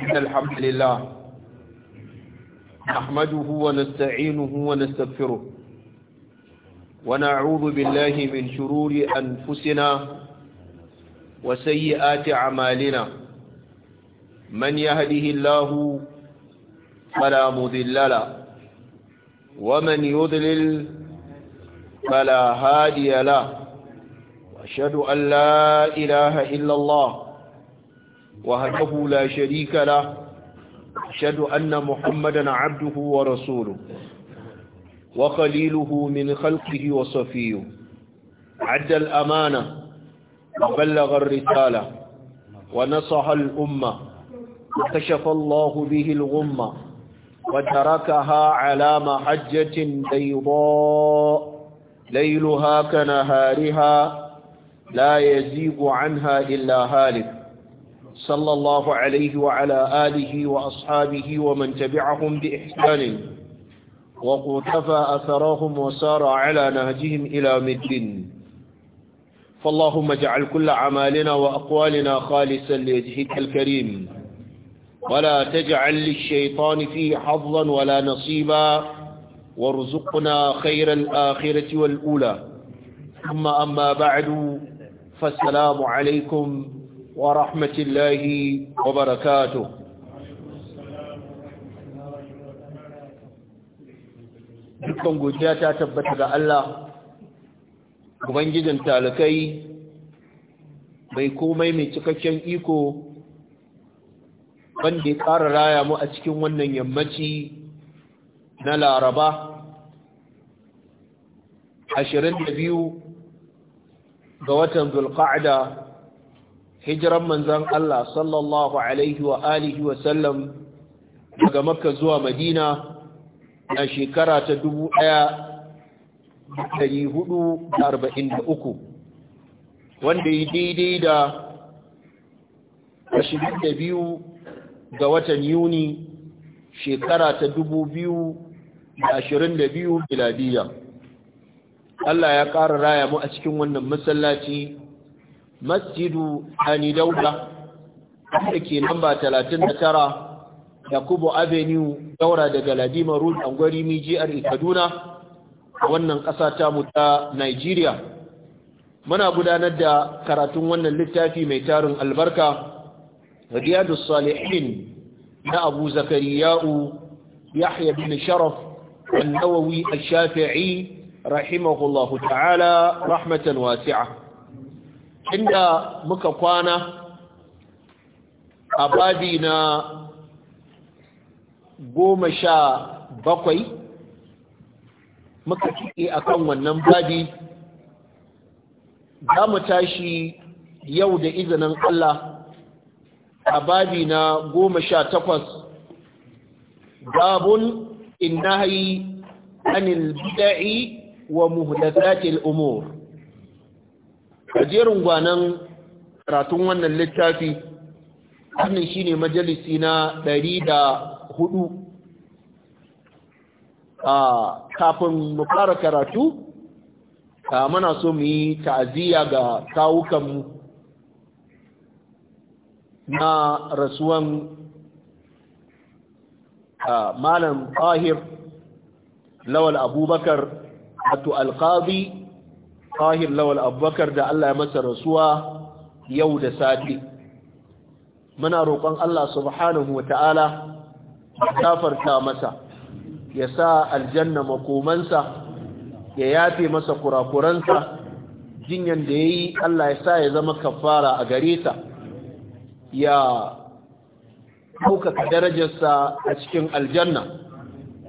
إن الحمد لله نحمده ونستعينه ونستغفره ونعوذ بالله من شرور أنفسنا وسيئات أعمالنا من يهده الله فلا مذلل له ومن يضلل فلا هادي له أشهد أن لا إله إلا الله وهده لا شريك له أشهد أن محمدا عبده ورسوله وخليله من خلقه وصفيه عد الأمانة وبلغ الرسالة ونصح الأمة وكشف الله به الغمة وتركها على محجة بيضاء ليلها كنهارها لا يزيغ عنها إلا هالك صلى الله عليه وعلى آله وأصحابه ومن تبعهم بإحسان وقتفى أثرهم وسار على نهجهم إلى مد فاللهم اجعل كل عمالنا وأقوالنا خالصا لوجهك الكريم ولا تجعل للشيطان فيه حظا ولا نصيبا وارزقنا خير الآخرة والأولى ثم أما بعد فالسلام عليكم ورحمة الله وبركاته dukkan godiya ta tabbata ga Allah ubangijin talakai Bai komai mai cikakken iko wanda ya ƙara raya mu a cikin wannan yammaci na laraba Ashirin da biyu. ga watan zulqa'da hijiran manzan Allah sallallahu alaihi wa alihi wa sallam daga makka zuwa madina na shekara ta dubu ɗaya da arba'in uku, wanda yi daidai da ashirin da biyu ga watan yuni shekara ta dubu biyu da da 2022 miladiyya Allah ya ƙara raya mu a cikin wannan masallaci masjidu ani dauda da ke namba 39 yakubu avenue daura daga ladima road angwari a kaduna wannan ƙasa ta mu ta nigeria muna gudanar da karatun wannan littafi mai tarin albarka riyadu salihin na abu Zakari ya'u yahya bin sharaf an-nawawi ash-shafi'i rahimahullahu ta'ala rahmatan wasi'a inda muka kwana a badi na goma sha bakwai muka cike a kan wannan badi za mu tashi yau da izinin Allah a babi na goma sha takwas babun innahi anin bida'i wa muhdathatil umur ajerin gwanan karatun wannan littafi annin shine majalisi na hudu. a kafin mu fara karatu muna so mu yi ta'aziyya ga kawukan mu na rasuwan malam tahir lawal abubakar wato alqadi tahir lawal abubakar da Allah ya masa rasuwa yau da sati muna roƙon Allah subhanahu wa ta'ala gafarta masa ya sa aljanna makomansa ya yafe masa kurakuransa jinyan da yayi Allah ya sa ya zama kafara a gare ta ya ɗaukaka darajarsa a cikin aljanna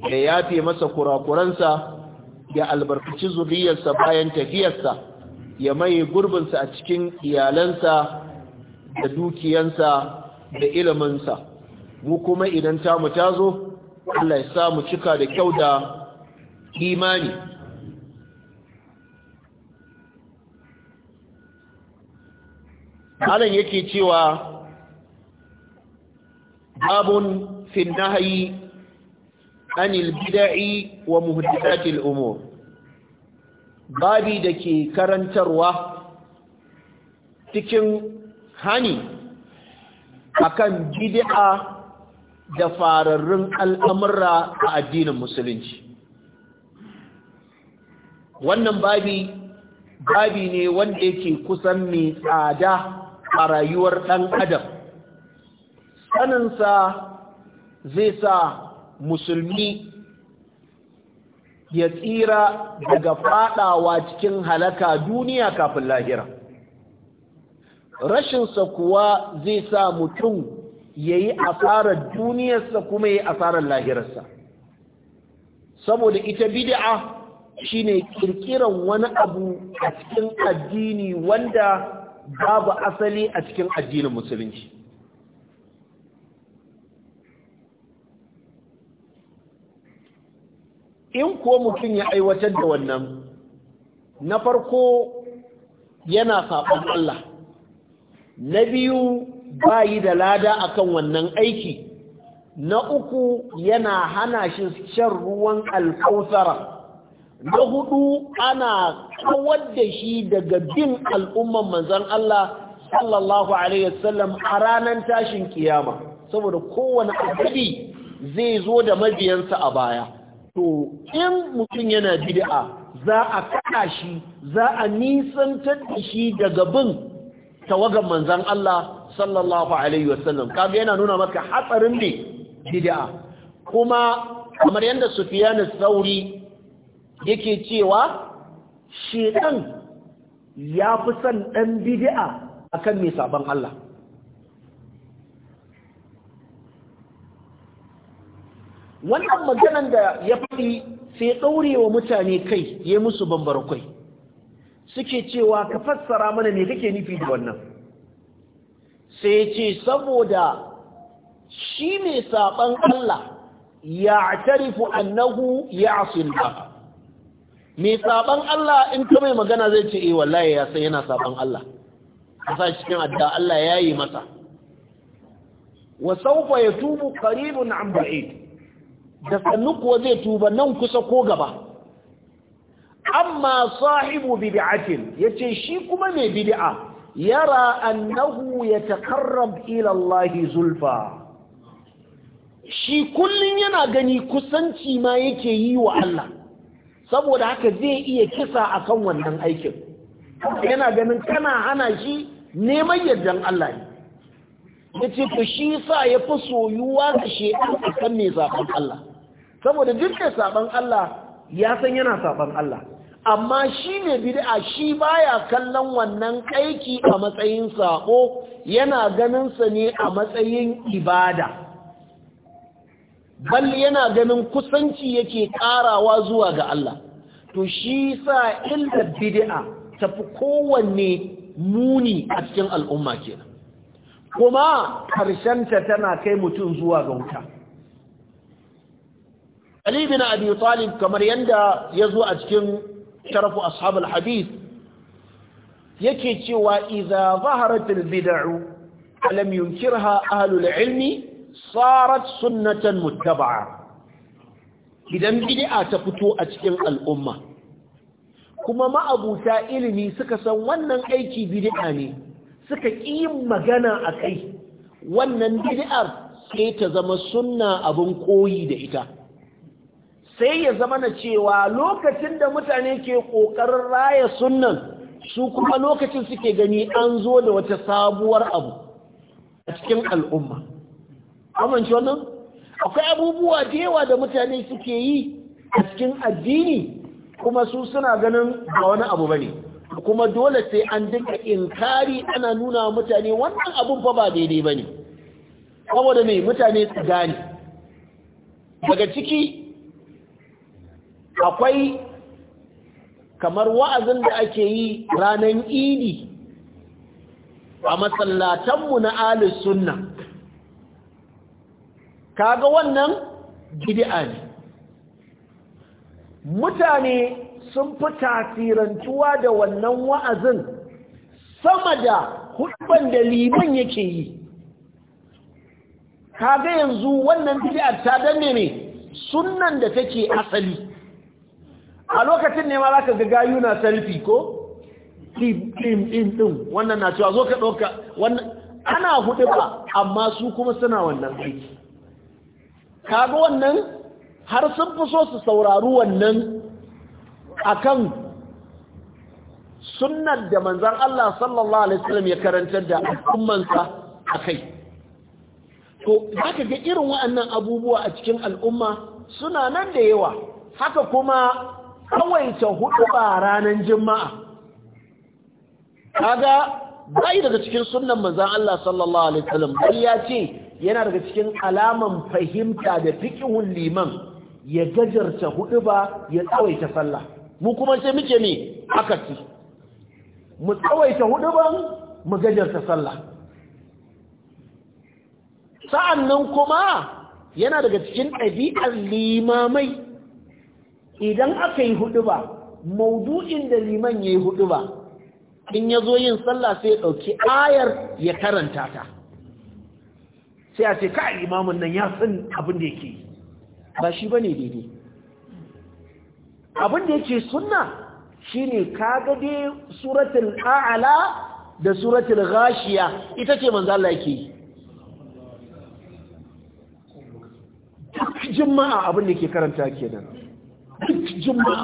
ya yafe masa kurakuransa ya albarkaci zuriyarsa bayan tafiyarsa ya mai gurbinsa a cikin iyalansa da dukiyansa da iliminsa mu kuma idan tamu ta zo Allah ya sa mu cika da kyau da imani Alan yake cewa babun fin nahayi anil bida'i wa muhdathatil umur babi da ke karantarwa cikin hani akan bid'a da fararrun al'amurra a addinin musulunci wannan babi babi ne wanda yake kusan mai tsada a rayuwar ɗan adam saninsa zai sa musulmi ya tsira daga fadawa cikin halaka duniya kafin lahira rashinsa kuwa zai sa mutum ya yi asarar duniyarsa kuma ya yi asarar lahirarsa saboda ita bid'a shine kirkiran wani abu a cikin addini wanda babu asali a cikin addinin musulunci in ko mutum ya aiwatar da wannan na farko yana saɓon Allah na biyu ba yi da lada akan wannan aiki na uku yana hana shi shan ruwan alkausara na hudu ana kawar da shi daga bin al'umman manzan Allah sallallahu alaihi wasallam a ranar tashin kiyama saboda kowane azabi zai zo da mabiyansa a baya to in mutum yana bid'a za a kada shi za a nisantar da shi daga bin tawagan manzon Allah sallallahu alaihi wasallam kaga yana nuna maka hatsarin ne bid'a kuma kamar yadda Sufyan al yake cewa shedan ya fi son dan bid'a akan mai saban Allah wannan maganan da ya faɗi sai ɗaure wa mutane kai ya musu kwai. suke cewa ka fassara mana me kake nufi da wannan sai ce saboda shi mai saɓan Allah ya tarifu annahu ya ba. mai saɓan Allah in ka mai magana zai ce eh wallahi ya san yana saɓan Allah a sa cikin adda Allah ya yi masa wa saufa ya tubu karibun an da sannu kuwa zai tuba nan kusa ko gaba amma sahibu bid'atin yace shi kuma mai bid'a yara annahu yataqarrab ila ilallahi zulfa shi kullum yana gani kusanci ma yake yi wa Allah saboda haka zai iya kisa akan wannan aikin yana ganin kana hana shi neman yardan Allah ne yace ku shi sa yafi soyuwa ga a kan ne zaban Allah saboda dukkan saban Allah ya san yana saban Allah amma shi ne bid'a shi baya kallon wannan aiki a matsayin sako yana ganin sa ne a matsayin ibada bal yana ganin kusanci yake karawa zuwa ga Allah to shi sa illa bid'a tafi kowanne muni a cikin al'umma kenan kuma karshen ta tana kai mutum zuwa ga wuta Ali bin Abi Talib kamar yadda ya zo a cikin sharafu ashabul hadith yake cewa iza zaharatil bid'u lam yunkirha ahlul ilmi sarat sunnatan muttaba'a idan bid'a ta fito a cikin al'umma kuma ma'abuta ilimi suka san wannan aiki bid'a ne suka yin magana a kai wannan bid'ar sai ta zama sunna abin koyi da ita sai ya zama na cewa lokacin da mutane ke ƙoƙarin raya sunan su kuma lokacin suke gani an zo da wata sabuwar abu a cikin al'umma amince wannan akwai abubuwa da yawa da mutane suke yi a cikin addini kuma su suna ganin ba wani abu ba ne. kuma dole sai an dinka inkari ana nuna mutane wannan abun fa ba daidai ba bane saboda mai mutane su gane daga ciki akwai kamar wa'azin da ake yi ranar idi a masallatanmu na alis sunna kaga wannan gidi'a ne mutane sun fi tasirantuwa da wannan wa'azin sama da hudban da liman yake yi kaga yanzu wannan bid'a ta danne ne sunnan da take asali a lokacin ne ma za ka ga gayu na sarfi ko ɗin ɗin ɗin wannan na cewa zo ka ɗauka wannan ana hudu ba amma su kuma suna wannan aiki kaga wannan har sun fi so su saurari wannan akan sunnar da manzan Allah sallallahu alaihi wasallam ya karantar da al'ummansa a kai to zaka ga irin wa'annan abubuwa a cikin al'umma suna nan da yawa haka kuma kawaita hudu ba ranar jima'a kaga bai daga cikin sunnan manzan Allah sallallahu alaihi wasallam bai ya ce yana daga cikin alaman fahimta da fikihun liman ya gajarta hudu ba ya tsawaita sallah mu kuma sai muke me akasi mu tsawaita hudu ba mu gajarta sallah sa'annan kuma yana daga cikin ɗabi'ar limamai idan aka yi hudu ba maudu'in da liman ya yi hudu ba in ya zo yin sallah sai ya ɗauki ayar ya karanta ta sai a ce ka imamun nan ya san abin da yake ba shi ba ne daidai abin da yake sunna shine kaga dai suratul aala da suratul ghashiya ita ce manzan laiki yake abin da ke karanta kenan duk juma'a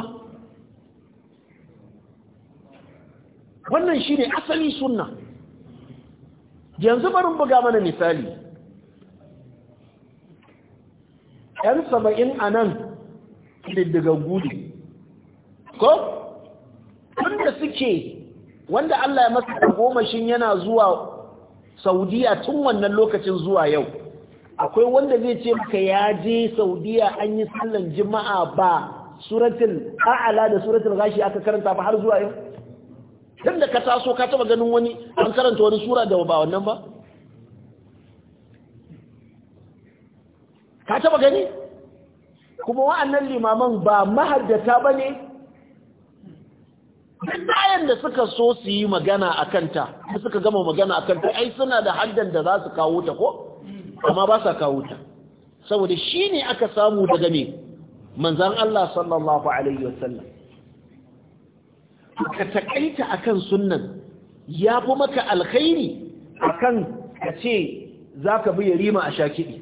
wannan shi asali sunna yanzu barin buga mana misali ‘yan saba'in a nan diddigaggu ne ko? wanda suke wanda Allah ya masa gomashin yana zuwa saudiya tun wannan lokacin zuwa yau akwai wanda zai ce maka ya je saudiya an yi sallan jima'a ba suratul a'la da suratul ghashi aka karanta fa har zuwa yau tunda ka taso ka taba ganin wani an karanta wani sura da ba wannan ba ka taba gani kuma wa'annan limaman ba mahaddata bane ne bayan da suka so su yi magana a kanta da suka gama magana a kanta ai suna da haddan da za su kawo ta ko amma ba sa kawo ta saboda shi ne aka samu daga ne manzan Allah sallallahu alaihi wasallam ka takaita akan sunnan ya fi maka alkhairi akan ka ce za bi yarima a shakiɗi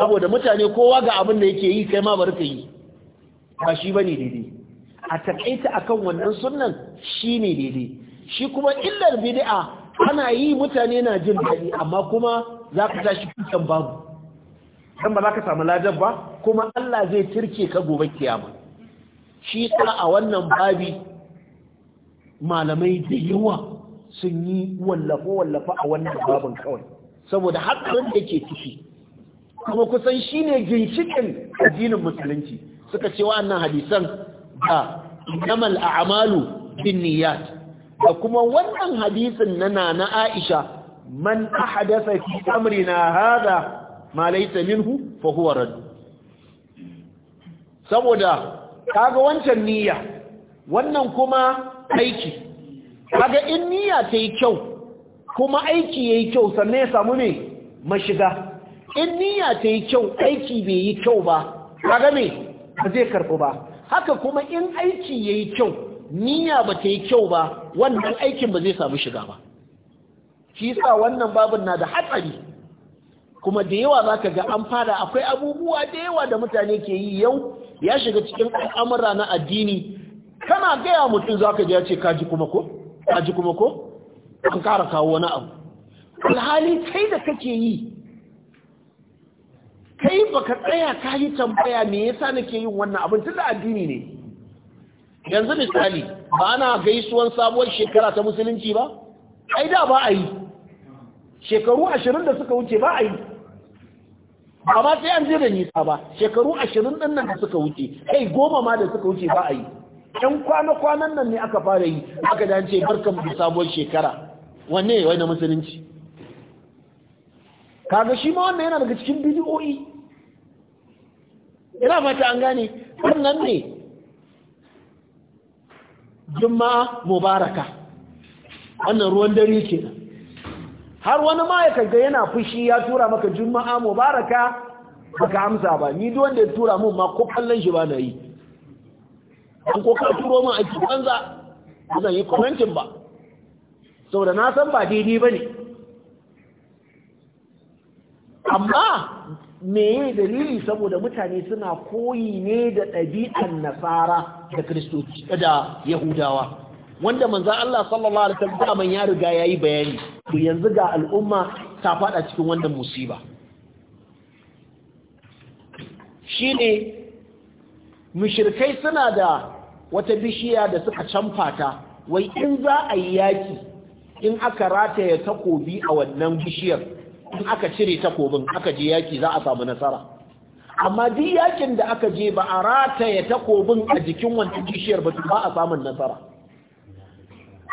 saboda mutane kowa ga abin da yake yi kai ma bari ka yi ba shi ba ne daidai a takaita akan wannan sunnan shi ne daidai shi kuma illar bid'a ana yi mutane na jin daɗi amma kuma za ka tashi kukan babu dan ba za ka samu ladar ba kuma Allah zai tirke ka gobe kiyama shi ta a wannan babi malamai da yawa sun yi wallafa-wallafa a wannan babin kawai saboda haƙarin da ke ciki kuma kusan shi ne ginshikin addinin musulunci suka ce wa'annan hadisan da namal a'amalu bin niyat da kuma wannan hadisin na na aisha man ahadasa fi amrina hada ma laysa minhu fa huwa radd saboda kaga wancan niyya wannan kuma aiki kaga in niyya ta yi kyau kuma aiki ya yi kyau sannan ya samu ne mashiga in niyya ta yi kyau aiki bai yi kyau ba kaga me ba zai karɓi ba haka kuma in aiki ya yi kyau niyya ba ta yi kyau ba wannan aikin ba zai samu shiga ba shi sa wannan babin na da hatsari kuma da yawa za ka ga an fara akwai abubuwa da yawa da mutane ke yi yau ya shiga cikin al'amura na addini kana gaya mutum za ka ce kaji kuma ko kaji kuma ko an kara kawo wani abu alhali kai da kake yi kai baka tsaya ka yi tambaya me yasa nake yin wannan abin tunda addini ne yanzu misali ba ana gaisuwan sabuwar shekara ta musulunci ba ai da ba a yi shekaru ashirin da suka wuce ba a yi ba ma sai an je da nisa ba shekaru ashirin ɗin nan da suka wuce kai goma ma da suka wuce ba a yi ƴan kwana-kwanan nan ne aka fara yi aka da ce barkan da sabuwar shekara wanne ya na musulunci kaga shi ma wannan yana daga cikin bidiyoyi ina fata an gane wannan ne juma'a mubaraka wannan ruwan dare kenan har wani ma ya kaga yana fushi ya tura maka juma'a mubaraka baka amsa ba ni duk wanda ya tura mun ma ko kallon shi ba na yi an ko ka turo mun a cikin za zan yi commenting ba saboda na san ba daidai ba ne amma meye dalili saboda mutane suna koyi ne da ɗabi'an nasara da kristoci da yahudawa wanda manzan Allah sallallahu alaihi wasallam ya riga yayi bayani to yanzu ga al'umma ta fada cikin wannan musiba shine mushrikai suna da wata bishiya da suka canfa wai in za a yi yaki in aka rataya takobi a wannan bishiyar in aka cire takobin aka je yaki za a samu nasara amma duk yakin da aka je ba a rataya takobin a jikin wannan bishiyar ba ba a samun nasara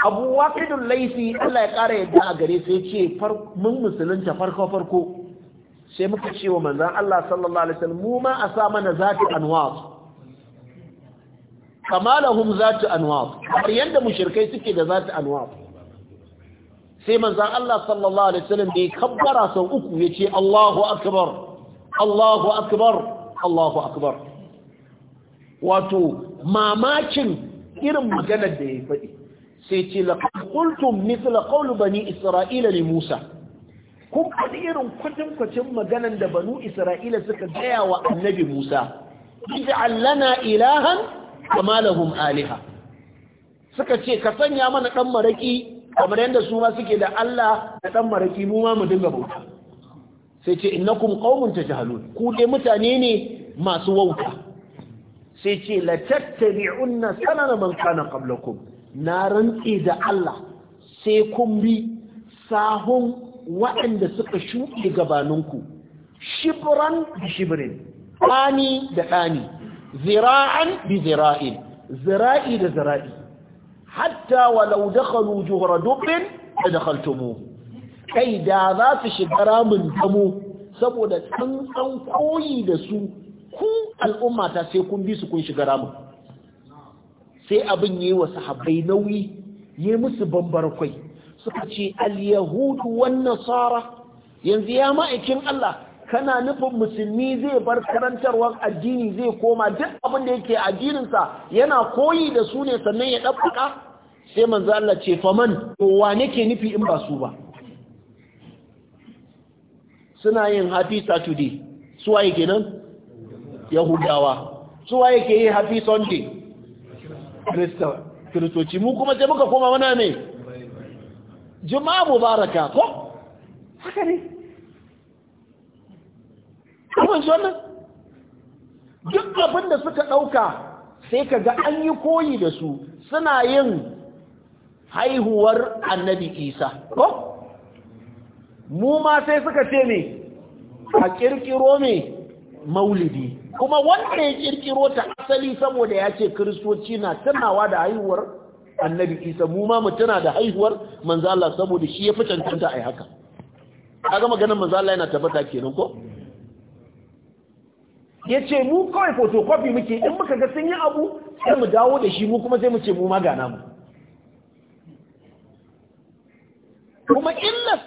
abu waqidul laifi Allah ya ƙara yadda a gare sai ce mun musulunta farko farko sai muka ce wa manzan Allah sallallahu alaihi wasallam mu ma a sa mana zati anwar kama lahum zati anwar kamar yadda mushrikai suke da zati anwar sai manzan Allah sallallahu alaihi wasallam da ya kabbara sau uku ya ce Allahu akbar Allahu akbar Allahu akbar wato mamakin irin maganar da ya faɗi sai ce laqad qultum mithla qawli bani isra'ila ne musa kun faɗi irin kwacin maganan da banu isra'ila suka gaya wa annabi musa ij'al lana ilahan kama lahum aliha suka ce ka sanya mana dan maraki kamar yadda su ma suke da Allah da ɗan maraki mu ma mu dinga bauta sai ce innakum qaumun tajhalun ku dai mutane ne masu wauta sai ce la tattabi'unna sanana man kana qablakum na rantse da Allah sai kun bi sahun waɗanda suka shuɗe gabaninku shibran da shibirin, ɗani da ɗani zira'an bi zira'in zira'i da zira'i hatta walau dakhalu juhra dubbin da dakhaltumu kai da za su shiga ramin damo saboda tsantsan koyi da su ku al'ummata sai kun bi su kun shiga ramin sai abin yi wa sahabbai nauyi yi musu bambarkwai suka ce al-yahudu wan nasara yanzu ya ma'aikin Allah kana nufin musulmi zai bar karantarwar addini zai koma duk abin da yake addininsa yana koyi da su ne sannan ya ɗabbaka sai manzo Allah ce fa faman wane ke nufi in ba su ba suna yin happy saturday su kenan yahudawa su ke yi happy sunday kiristoci mu kuma sai muka koma wana ne juma'a mubaraka ko haka ne kuma shi wannan duk abin da suka ɗauka sai ka ga an yi koyi da su suna yin haihuwar annabi isa ko mu ma sai suka ce ne a ƙirƙiro ne maulidi kuma wanda ya kirkiro ta asali saboda ya ce kiristoci na tunawa da haihuwar annabi isa mu ma mu tuna da haihuwar manzo Allah saboda shi ya fi cancanta ai haka kaga maganar manzo Allah yana tabbata kenan ko yace mu kawai photocopy muke in muka ga sun yi abu sai mu dawo da shi mu kuma sai mu ce mu ma gana mu kuma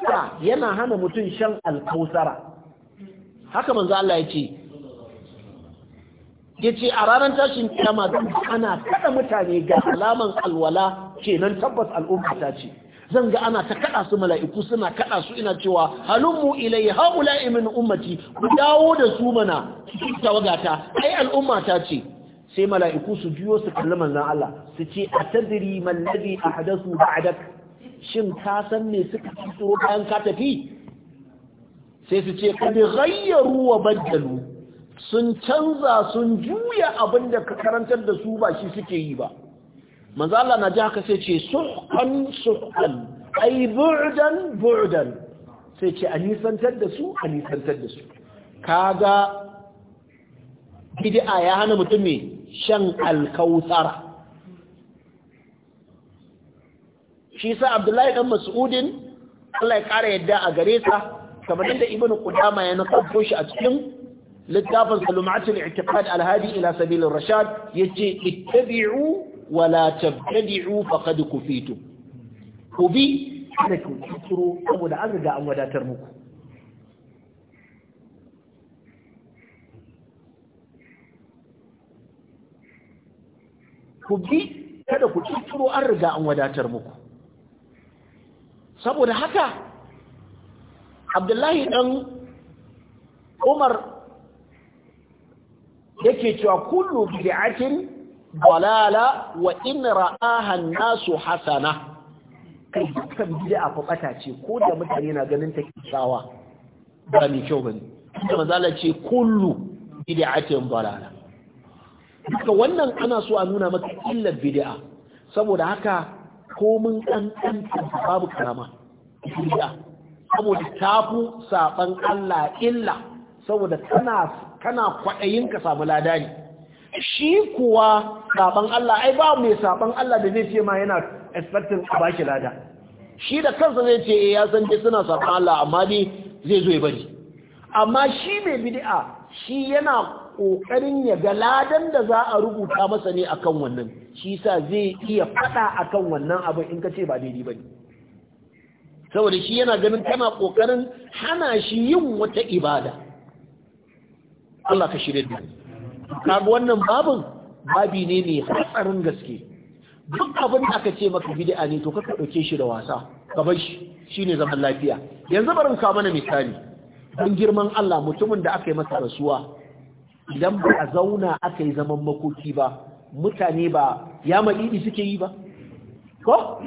sa yana hana mutum shan alkausara haka manzo Allah ya ce ya ce a ranar tashin kiyama zan ana kada mutane ga alaman alwala kenan tabbas al'umma ta ce zan ga ana ta kada su mala'iku suna kada su ina cewa halummu ilai haula min ummati ku dawo da su mana cikin tawagata ai al'umma ta ce sai mala'iku su juyo su kalli manzon Allah su ce atadri man ladhi ahdathu ba'dak shin ka san me suka tsoro bayan ka tafi sai su ce kad ghayyaru wa badalu sun canza sun juya abin da ka karantar da su ba shi suke yi ba Manzala na ji haka sai ce suhqan suhqan Ai burdan burdan sai ce an nisantar da su an nisantar da su kaga bid'a ya hana mutum mai shan alkautsara shi sa Abdullahi dan Mas'udin Allah ya ƙara yadda a gare sa kamar da Ibn Qudama ya nakalto shi a cikin littafin salumatul i'tiqad hadi ila sabil rashad yace ittabi'u wa la tabtadi'u faqad kufitum ku bi kada ku kiro saboda an riga an wadatar muku ku bi kada ku kiro an riga an wadatar muku saboda haka abdullahi dan umar yake cewa kullu bid'atin dalala wa in ra'aha an-nasu hasana kai dukkan bid'a fa bata ce ko da mutane na ganin ta kyakkyawa ba mai kyau bane da mazala ce kullu bid'atin dalala duka wannan ana so a nuna maka illar bid'a saboda haka komin dan babu karama bid'a saboda tafu saban Allah illa saboda tana kana kwaɗayin ka samu lada ne shi kuwa saban Allah ai ba mai saban Allah da zai ce ma yana expecting a baki lada shi da kansa zai ce eh, ya san dai suna saban Allah amma dai zai zo ya bari amma shi mai bidi'a, shi yana kokarin ya ga ladan da za a rubuta masa ne akan wannan shi sa zai iya fada akan wannan abin in ka ce ba daidai bane saboda shi yana ganin kana kokarin hana shi yin wata ibada Allah ka shirya da kaga wannan babin babi ne ne hatsarin gaske duk abin da aka ce maka bid'a ne to kaka ɗauke shi da wasa ka bar shi shine zaman lafiya yanzu barin ka mana misali don girman Allah mutumin da aka yi masa rasuwa idan ba a zauna aka yi zaman makoki ba mutane ba ya maɗiɗi suke yi ba ko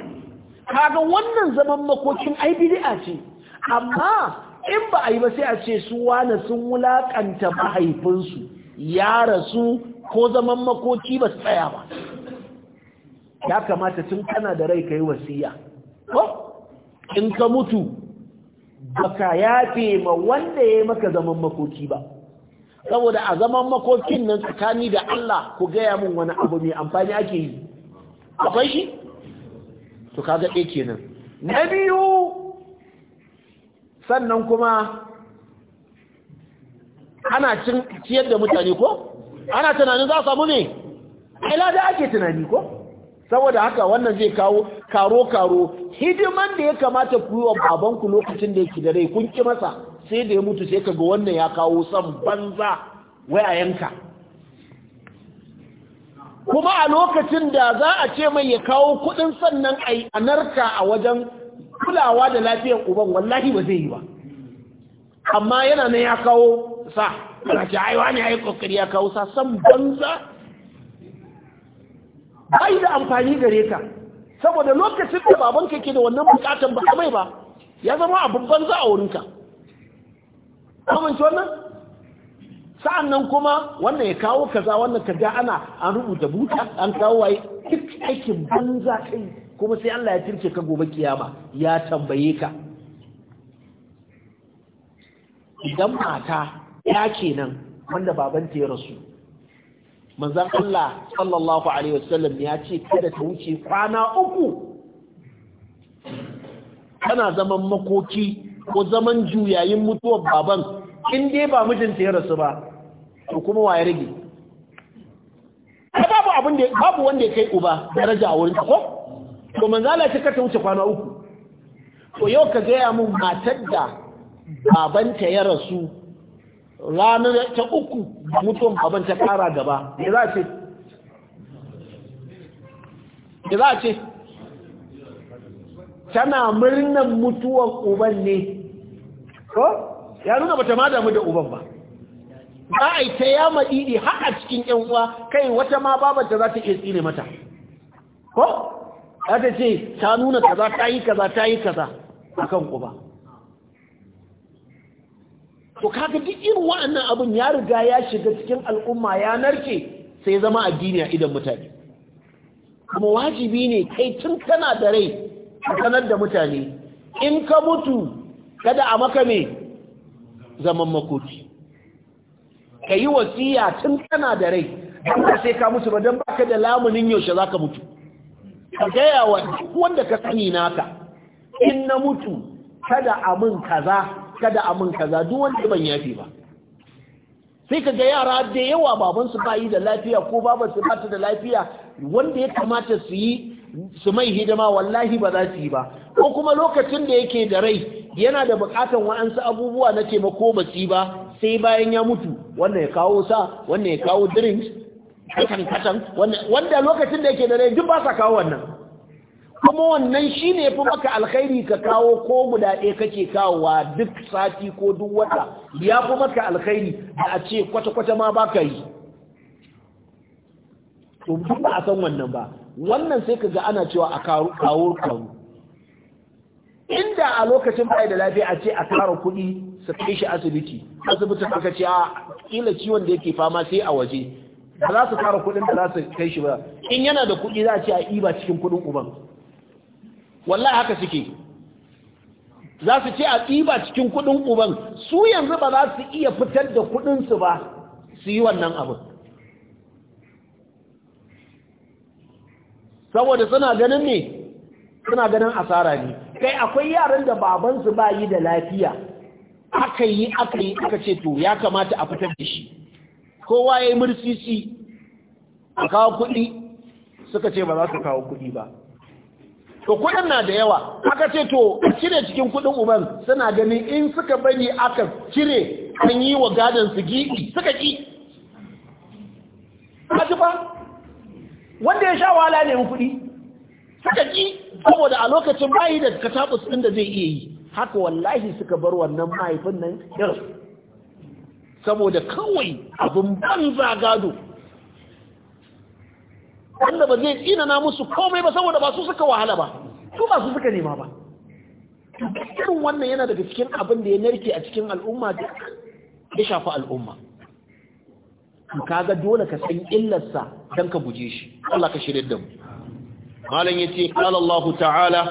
kaga wannan zaman makokin ai bid'a ce amma in ba a yi ba sai a ce su wane sun wulakanta mahaifinsu ya rasu ko zaman makoki ba su tsaya ba ya kamata tun kana da rai ka yi wasiya ko in ka mutu baka yafe ma wanda ya yi maka zaman makoki ba saboda a zaman makokin nan tsakani da Allah ku gaya min wani abu mai amfani ake yi akwai shi to kaga ɗe kenan na biyu sannan kuma ana ciyar da mutane ko ana tunanin za a samu ne ila da ake tunani ko saboda haka wannan zai kawo karo-karo hidiman da ya kamata ku yi wa babanku lokacin da yake da rai kun ki masa sai da ya mutu sai kaga wannan ya kawo san banza wai yanka kuma a lokacin da za a ce mai ya kawo kudin sannan a anarka a wajen kulawa da lafiyar uban wallahi ba zai yi ba amma yana nan ya kawo sa ana ce ai wani ai kokari ya kawo sa san banza bai da amfani gare ka saboda lokacin da babanka ke da wannan bukatan ba mai ba ya zama abin banza a wurinka amince wannan sa'an nan kuma wannan ya kawo kaza wannan kaza ana an rubuta buta an kawo wai duk aikin banza kai kuma sai Allah ya tirce ka gobe kiyama ya tambaye ka idan mata ya kenan wanda babanta ya rasu manzan Allah sallallahu alaihi wasallam ya ce kada ta wuce kwana uku Kana zaman makoki ko zaman juyayin mutuwar baban in dai ba mijinta ya rasu ba to kuma waye rage babu babu wanda ya kai uba daraja a wurin ko to manzo Allah ta kata wuce kwana uku to yau ka gaya mun matar da babanta ya rasu ranar ta uku mutum babanta kara gaba me za ce me za ce tana murnan mutuwar uban ne ko ya nuna bata ma damu da uban ba za a yi ta yama ɗiɗi har cikin ƴan uwa kai wata ma babanta za ta iya tsine mata ko za ce ta nuna kaza ta yi kaza ta yi kaza a kan ku ba to kaga duk irin wa'annan abin ya riga ya shiga cikin al'umma ya narke sai zama addini a idan mutane kuma wajibi ne kai tun kana da rai a sanar da mutane in ka mutu kada a maka me zaman makoci ka yi wasiya tun kana da rai don ka sai ka mutu ba don baka da lamunin yaushe za ka mutu ka gaya wa duk wanda ka sani naka in na mutu kada amin kaza kada amin kaza duk wanda ban yafi ba sai ka ga yara da yawa babansu ba yi da lafiya ko baban su bata da lafiya wanda ya kamata su yi su mai hidima wallahi ba za su yi ba ko kuma lokacin da yake da rai yana da bukatan wa'ansu abubuwa na taimako ba su yi ba sai bayan ya mutu wannan ya kawo sa wannan ya kawo drinks katan katan wanda lokacin da yake da rai duk ba sa kawo wannan kuma wannan shi ne fi maka alkhairi ka kawo ko guda ɗaya kake kawowa duk sati ko duk wata ya fi maka alkhairi da a ce kwata-kwata ma ba ka yi to ba a san wannan ba wannan sai ka ga ana cewa a kawo kawo inda a lokacin bai da lafiya a ce a tara kuɗi su kai shi asibiti asibitin aka ce a kila ciwon da yake fama sai a waje ba za su kara kudin da za su kai shi ba in yana da kudi za a ce a iba cikin kudin uban wallahi haka suke za su ce a iba cikin kudin uban su yanzu ba za su iya fitar da kudin su ba su yi wannan abin saboda suna ganin ne suna ganin asara ne kai akwai yaran da babansu ba yi da lafiya aka yi aka yi aka ce to ya kamata a fitar da shi kowa ya yi mursisi a kawo kuɗi suka ce ba za su kawo kuɗi ba to kuɗin na da yawa aka ce to a cire cikin kuɗin uban suna ganin in suka bari aka cire an yi wa gadon su giɓi suka ƙi ji ba wanda ya sha wala ne mu kuɗi suka ƙi saboda a lokacin bayi da katakus ɗin da zai iya yi haka wallahi suka bar wannan mahaifin nan irin saboda kawai abin banza gado wanda ba zai tsinana musu komai ba saboda ba su suka wahala ba su ba su suka nema ba irin wannan yana daga cikin abin da ya narke a cikin al'umma da ya shafi al'umma kaga dole ka san illarsa don ka guje shi Allah ka shirin da mu malam yace qala Allah ta'ala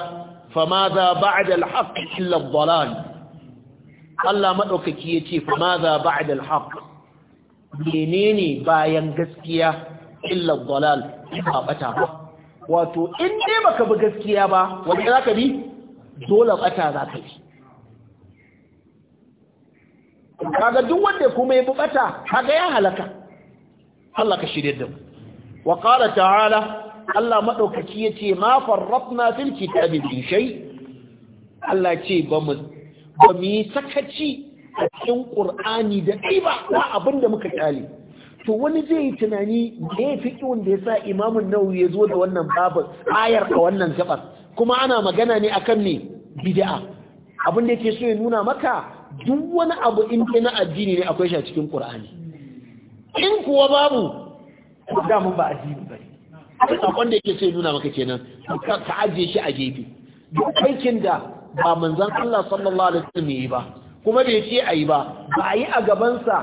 fama za ba'da al-haqq illa ad-dhalal Allah maɗaukaki ya ce ma za ba da alhaq menene bayan gaskiya illa dalal ba bata ba wato in dai baka bi gaskiya ba wanda za ka bi dole bata za ka bi kaga duk wanda kuma ya bi bata kaga ya halaka Allah ka shirya da mu wa qala ta'ala Allah ya ce ma farrafna filki ta bi shay Allah ce ba mu ba mu yi sakaci a cikin ƙur'ani da ɗiba ba abin da muka ƙyale to wani zai yi tunani da ya fi da ya sa imamun nau ya zo da wannan babu ayar a wannan gabar kuma ana magana ne akan ne bid'a abin da yake so ya nuna maka duk wani abu in ke na addini ne akwai shi a cikin ƙur'ani in kuwa babu da mun ba addini bane abin da yake so ya nuna maka kenan ka ajiye shi a gefe duk aikin da ba manzon Allah sallallahu alaihi wasallam yi ba kuma bai ce ayi ba ba yi a gabansa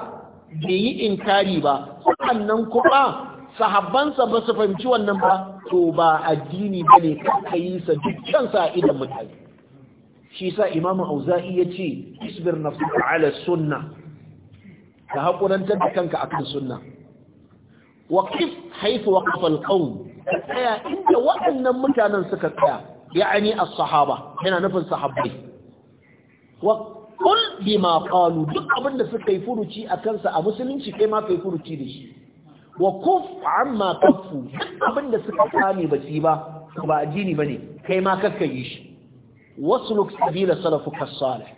bai yi inkari ba sannan kuma sahabbansa ba su fahimci wannan ba to ba addini bane ka yi sa dukkan sa idan mutane shi sa Imam Auza'i ce, isbir nafsuka ala sunna ka hakurantar da kanka akan sunna waqif haythu waqafa al-qawm tsaya inda waɗannan mutanen suka tsaya ya'ani a sahaba yana nufin sahabbai wa kul bima qalu duk abin suka yi furuci a kansa a musulunci kai ma kai furuci da shi wa kuf amma kafu duk abin da suka kame ba su ba ba addini kai ma kakka yi shi wasluk sabila salafuka salih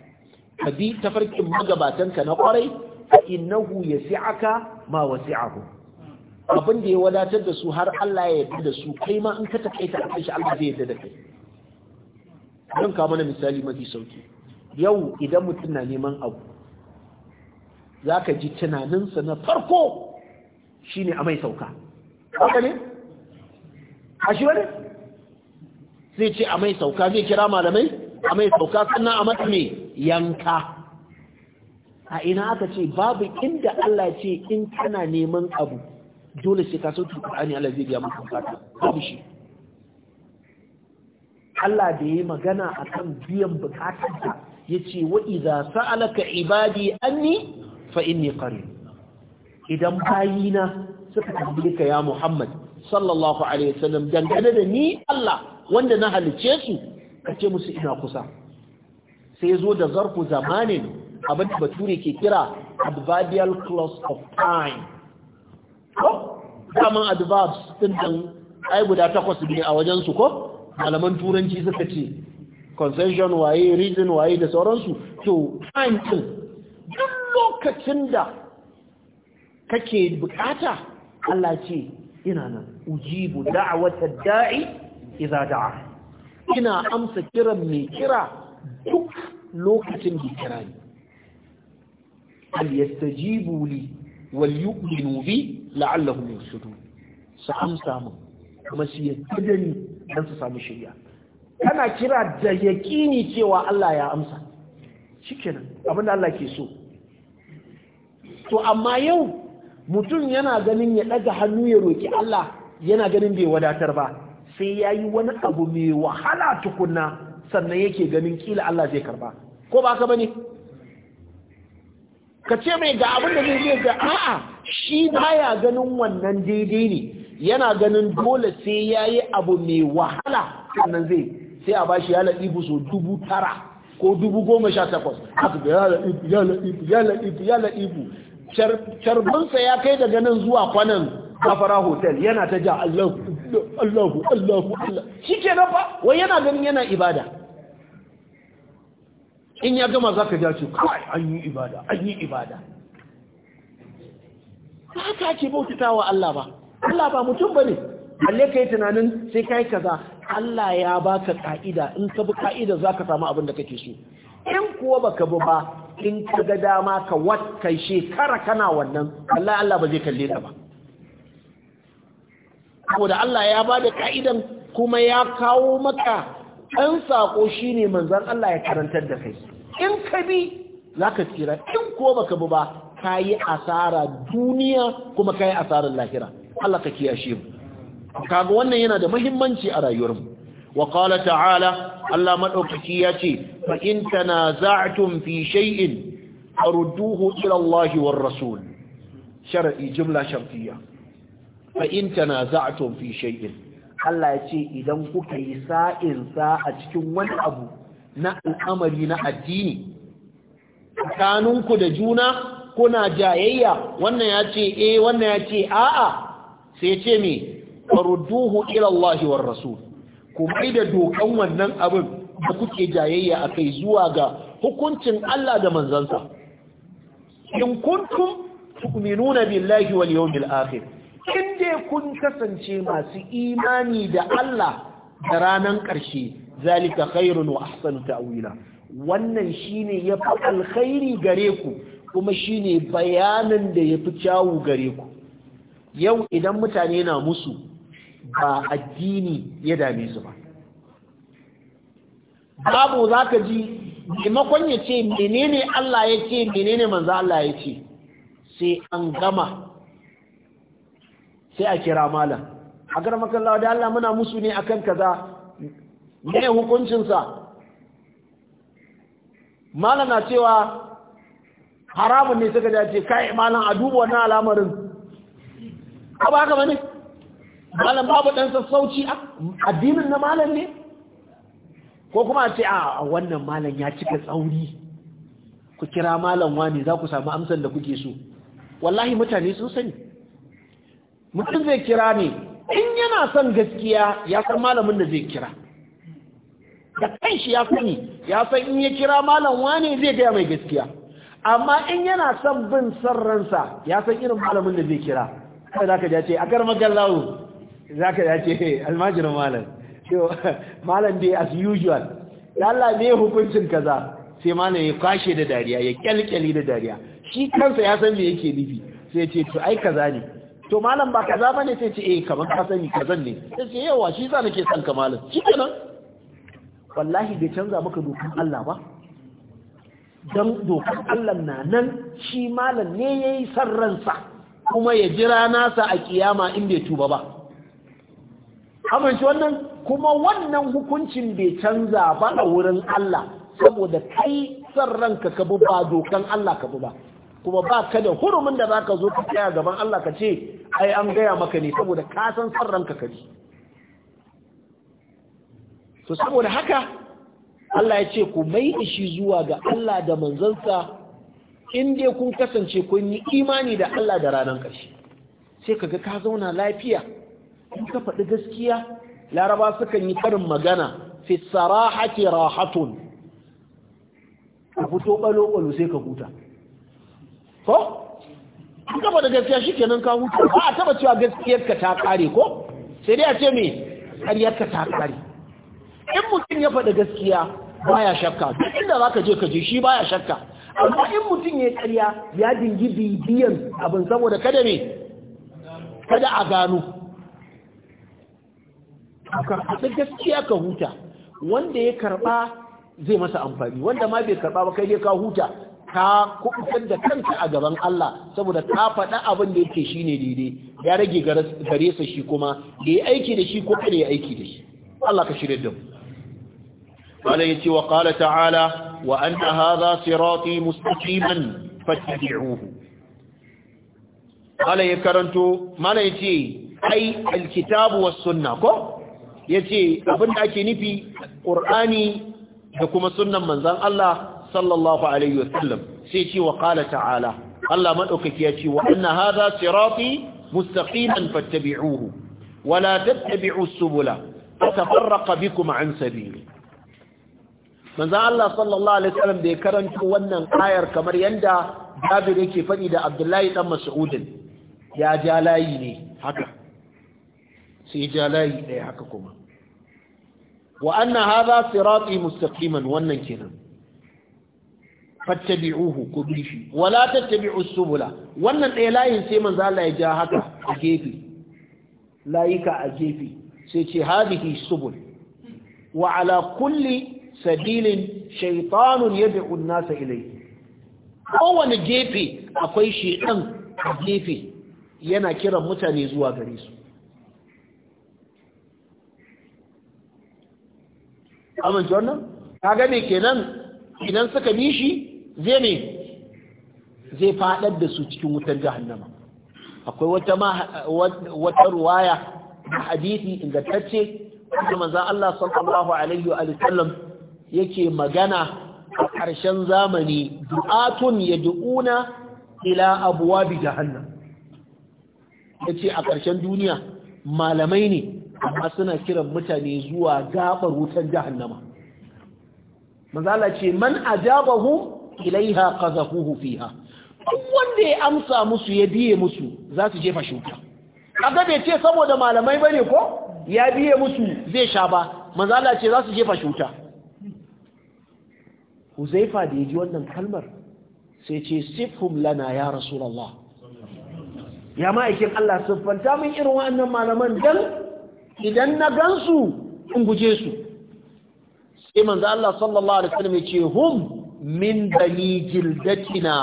ka bi tafarkin magabatanka na kwarai fa innahu yasi'aka ma wasi'ahu abin da ya wadatar da su har Allah ya yarda da su kai ma in ka takaita a kai Allah zai yarda da don ka mana misali mafi sauki yau idan mutum na neman abu za ka ji tunaninsa na farko ne a mai sauka haka ne? a shi wani? zai ce a mai sauka zai kira malamai a mai sauka sannan a mata ne yanka a ina aka ce babu inda Allah ce in kana neman abu dole sai ka sauki ƙar'ani Allah zai biya maka bukata babu shi Allah da ya magana akan biyan bukatarsa wai za idza alaka ibadi anni fa inni qarib idan bayina suka tambaye ya Muhammad sallallahu alaihi wasallam dangane da ni Allah wanda na halice su kace musu ina kusa sai zo da zarfu zamanin abin da bature ke kira adverbial clause of time ko kaman adverbs ɗin nan ai guda takwas ne a wajen ko malaman turanci suka ce concession waye reason waye da sauransu to time din duk lokacin da kake bukata Allah ce ina nan ujibu da'wata da'i idza da'a ina amsa kiran mai kira duk lokacin da kira ni al yastajibu li wal yu'minu bi la'allahum yusudun sa amsa mu kuma shi yadda ni don su samu shirya kana kira da yaƙini cewa Allah ya amsa shikenan abinda Allah ke so to amma yau mutum yana ganin ya ɗaga hannu ya roƙi Allah yana ganin bai wadatar ba sai ya yi wani abu mai wahala tukunna sannan yake ganin kila Allah zai karba ko ba ka bane ka ce mai ga abin da zai zai ga a'a shi baya ganin wannan daidai ne yana ganin dole sai ya yi abu mai wahala sannan zai sai a ba shi ya laɗifu so dubu tara ko dubu goma sha takwas haka da ya laɗifu ya laɗifu ya laɗifu ya laɗifu carbinsa ya kai daga nan zuwa kwanan kafara hotel yana ta ja allahu allahu allahu allah shi ke nafa wai yana ganin yana ibada in ya gama za ka ja ce kawai an yi ibada an yi ibada ba ka ke bautata wa Allah ba Allah ba mutum ba ne balle ka yi tunanin sai ka yi kaza Allah ya baka ƙa'ida in ka bi ka'ida za ka samu abin da kake so in kuwa ba ka bi ba in ka ga dama ka wata shekara kana wannan Allah Allah ba zai kalle ka ba da Allah ya ba da ka'idan kuma ya kawo maka ɗan saƙo shi ne manzan, Allah ya karantar da kai in ka bi za ka tsira in kuwa ba ka bi ba ka yi asara duniya kuma ka yi asarar lahira Allah ka kiyashe mu kaga wannan yana da muhimmanci a rayuwar mu wa qala ta'ala Allah madaukaki yace fa in tanaza'tum fi shay'in farudduhu ila Allah war rasul shar'i jumla shartiyya fa in tanaza'tum fi shay'in Allah ya ce idan kuka yi sa'in sa a cikin wani abu na al'amari na addini tsakaninku da juna kuna jayayya wannan ya eh wannan ya ce a'a sai ce me farudduhu ila Allah war rasul ku mai da dokan wannan abin da kuke jayayya akai zuwa ga hukuncin Allah da manzansa in kuntum tu'minuna billahi wal yawmil akhir in dai kun kasance masu imani da Allah da ranan ƙarshe zalika khairun wa ahsanu ta'wila wannan shine yafi alkhairi gare ku kuma shine bayanin da yafi kyawu gare ku yau idan mutane na musu ba addini ya dame su ba babu za ka ji maimakon ya ce menene Allah ya ce menene manzo Allah ya ce sai an gama sai a kira malam a garmakan lawa da Allah muna musu ne akan kaza ne hukuncinsa malam na cewa haramun ne suka dace, kai malam a duba wannan al'amarin ka ba haka bane malam babu dan sassauci addinin na malam ne ko kuma a ce a wannan malam ya cika tsauri ku kira malam wani za ku samu amsar da kuke so wallahi mutane sun sani mutum zai kira ne in yana son gaskiya ya san malamin da zai kira da kanshi ya sani ya san in ya kira malam wani zai gaya mai gaskiya amma in yana son bin son ransa ya san irin malamin da zai kira kai zaka ja ce akar magallahu zaka ka dace almajirin malam to malam dai as usual Allah ne hukuncin kaza sai malam ya kwashe da dariya ya kyalkyali da dariya shi kansa ya san me yake nufi sai ce to ai kaza ne to malam ba kaza bane sai ce eh kaman ka sani kazan ne sai ce yawa shi sa nake san ka malam shi kenan wallahi bai canza maka dokan Allah ba dan dokan Allah na nan shi malam ne yayi san ransa kuma ya jira nasa a kiyama in bai tuba ba amince wannan kuma wannan hukuncin bai canza ba a wurin Allah saboda kai san ranka ka bi ba dokan Allah ka bi ba kuma ba ka da hurumin da za ka zo ka tsaya gaban Allah ka ce ai an gaya maka ne saboda ka san san ranka ka ji to saboda haka Allah ya ce ku mai shi zuwa ga Allah da manzansa in dai kun kasance kun yi imani da Allah da ranar ƙarshe sai kaga ka zauna lafiya in ka faɗi gaskiya laraba sukan yi karin magana fi sarahati rahatun ka fito ɓalo-ɓalo sai ka huta ko? an ka da gaskiya shi kenan ka huta ba a taba cewa gaskiyarka ta ƙare ko? sai dai a ce me ka ta ƙare in mutum ya faɗi gaskiya baya shakka duk inda za ka je ka je shi baya shakka amma in mutum ya karya ya dingi bibiyan abin saboda kada ne kada a gano ka haɗu gaskiya ka huta wanda ya karɓa zai masa amfani wanda ma bai karɓa ba kai dai ka huta ka kuɓutar da kanka a gaban Allah saboda ka faɗa abin da yake shi ne daidai ya rage gare sa shi kuma da ya aiki da shi ko kada ya aiki da shi Allah ka shirya da mu Allah ya ce wa ta'ala وأن هذا صراطي مستقيما فاتبعوه قال يكرنت ما يجي أي الكتاب والسنة كو يجي أبن أكي نفي قرآني حكم السنة من ذن الله صلى الله عليه وسلم سيجي وقال تعالى الله من أكتياتي وأن هذا صراطي مستقيما فاتبعوه ولا تتبعوا السبل فتفرق بكم عن سبيله manzan Allah sallallahu alaihi wasallam bai karanto wannan ayar kamar yanda Jabir yake faɗi da Abdullahi dan Mas'udin ya ja layi ne haka sai ja layi ɗaya haka kuma wa anna hadha sirati mustaqiman wannan kenan fattabi'uhu ku bi shi wala tattabi'u subula wannan ɗaya layin sai manzo Allah ya ja haka a gefe layika a gefe sai ce hadhihi subul wa ala kulli sabilin shaitanun yad'u an-nasa kowane gefe akwai shedan a gefe yana kiran mutane zuwa gare su amince wannan kaga me kenan idan suka bi shi zai ne zai fadar da su cikin wutar jahannama akwai wata wata ruwaya hadisi ingantacce da za Allah sallallahu alaihi wa sallam yake magana a ƙarshen zamani du'atun yad'una ila abwabi jahannam yace a ƙarshen duniya malamai ne amma suna kiran mutane zuwa gabar wutan jahannama manzala ce man ajabahu ilaiha qazafuhu fiha wanda ya amsa musu ya biye musu za su jefa shuka kaga bai ce saboda malamai bane ko ya biye musu zai sha ba manzala ce za su jefa shuka huzaifa da ya ji wannan kalmar sai ce siffum lana ya rasulallah. ya ma'aikin Allah siffanta min irin wa'annan malaman dan idan na gansu in guje su sai manzo Allah sallallahu alaihi wasallam ya ce hum min bani jildatina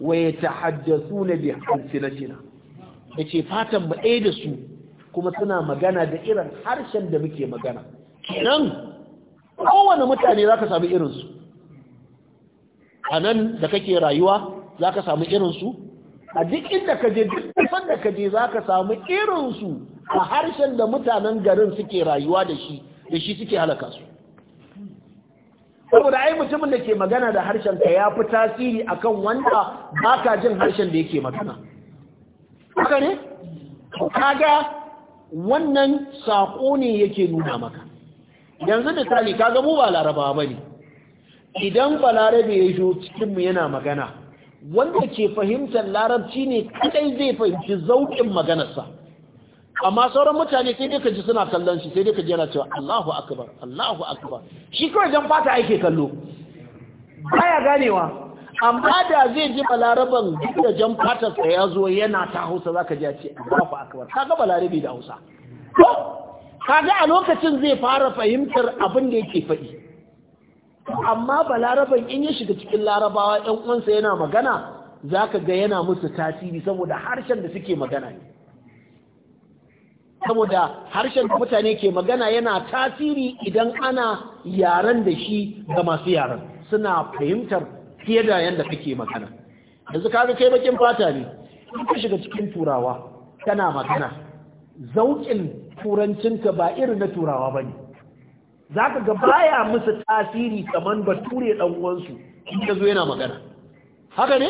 wa yatahaddathuna bi halsinatina yace fatan mu ɗaya da su kuma suna magana da irin harshen da muke magana kenan kowane mutane zaka samu irin su a nan da kake rayuwa za ka samu irinsu a duk inda ka je duk kasar da ka je za ka samu irinsu a harshen da mutanen garin suke rayuwa da shi da shi suke halaka su saboda ai mutumin da ke magana da harshen ka ya fi tasiri akan wanda ba ka jin harshen da yake magana haka ne kaga wannan saƙo ne yake nuna maka yanzu misali kaga mu ba larabawa ne. idan balarabe ya zo cikinmu yana magana wanda ke fahimtar larabci ne kadai zai fahimci zauƙin maganarsa amma sauran mutane sai dai ka ji suna kallon shi sai dai ka ji yana cewa Allahu akbar Allahu akbar shi kawai jan fata ake kallo baya ganewa amma da zai ji balaraban da jan fatarsa ya zo yana ta hausa zaka ji ya ce Allahu akbar kaga balarabe da hausa kaga a lokacin zai fara fahimtar abin da yake faɗi amma balaraban in ya shiga cikin larabawa ɗan uwansa yana magana za ka ga yana musu tasiri saboda harshen da suke magana ne saboda harshen da mutane ke magana yana tasiri idan ana yaren da shi ga masu yaren suna fahimtar fiye da yadda kake magana yanzu ga kai bakin fata ne in ka shiga cikin turawa kana magana zaukin turancinka ba irin na turawa ba ne za ka ga baya musu tasiri kamar bature ɗan uwansu in ka zo yana magana haka ne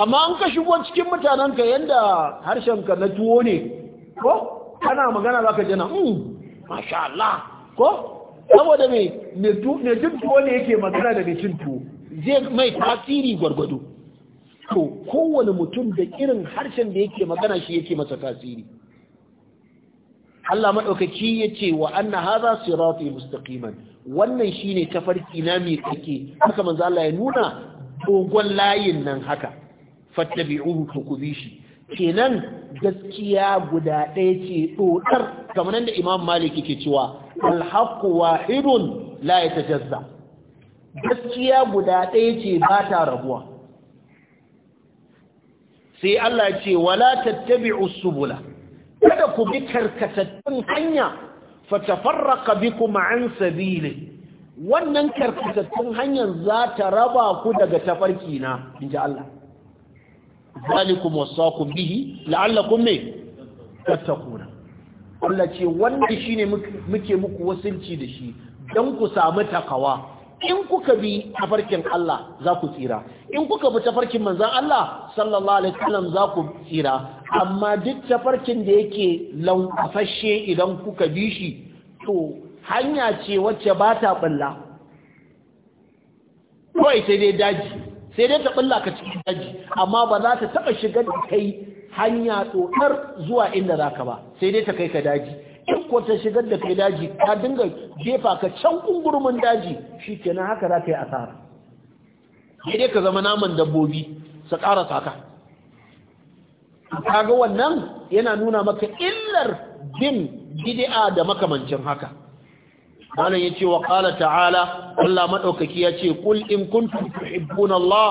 amma an ka shigo cikin mutanenka yadda harshenka na tuwo ne ko kana magana za ka jana hmm masha Allah ko saboda mai mai jin tuwo ne yake magana da mai cin tuwo zai mai tasiri gwargwado to kowane mutum da irin harshen da yake magana shi yake masa tasiri Allah maɗaukaki ya ce wa anna haza sirati mustaqiman wannan shine tafarki na mai kake haka manzo Allah ya nuna dogon layin nan haka fattabi'uhu tukubishi kenan gaskiya guda ɗaya ce dodar kamar nan da Imam Malik yake cewa al-haqqu wahidun la yatajazza gaskiya guda ɗaya ce ba ta rabuwa sai Allah ya ce wala tattabi'us subula kada ku bi karkatattun hanya fatafarraqa bikum an sabili wannan karkatattun hanyar za ta raba ku daga tafarki na inji Allah zalikum wasaqu bihi la'allakum me tattaquna Allah ce wanda shine muke muku wasilci da shi dan ku samu takawa in kuka bi tafarkin Allah za ku tsira in kuka bi tafarkin manzan Allah sallallahu alaihi wasallam za ku tsira amma duk tafarkin da yake lanfashe idan kuka bi shi to hanya ce wacce ba ta bulla kawai sai dai daji sai dai ta bulla ka cikin daji amma ba za ta taba shiga da kai hanya tsotar zuwa inda za ka ba sai dai ta kai ka daji ko ta shigar da kai daji ta dinga jefa ka can kungurumin daji shi kenan haka za ka yi asara sai dai ka zama naman dabbobi su ƙara Ka ga wannan yana nuna maka illar bin bid'a da makamancin haka malam ce wa ƙala ta'ala Allah ya yace kul in kuntum tuhibbun Allah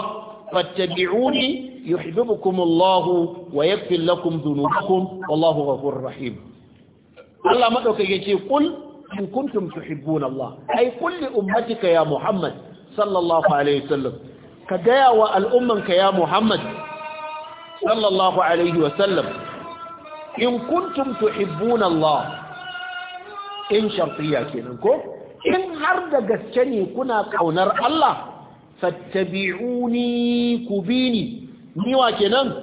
fattabi'uni yuhibbukum Allah wa yaghfir lakum dhunubakum wallahu ghafurur rahim Allah madaukake ce kul in kuntum tuhibbuna Allah ai kulli ummatika ya Muhammad sallallahu alaihi wasallam ka gaya wa al'ummanka ya Muhammad sallallahu alaihi wasallam in kuntum tuhibbuna Allah in shartiya kenan ko in har da gaske ne kuna kaunar Allah fattabi'uni kubini ni wa kenan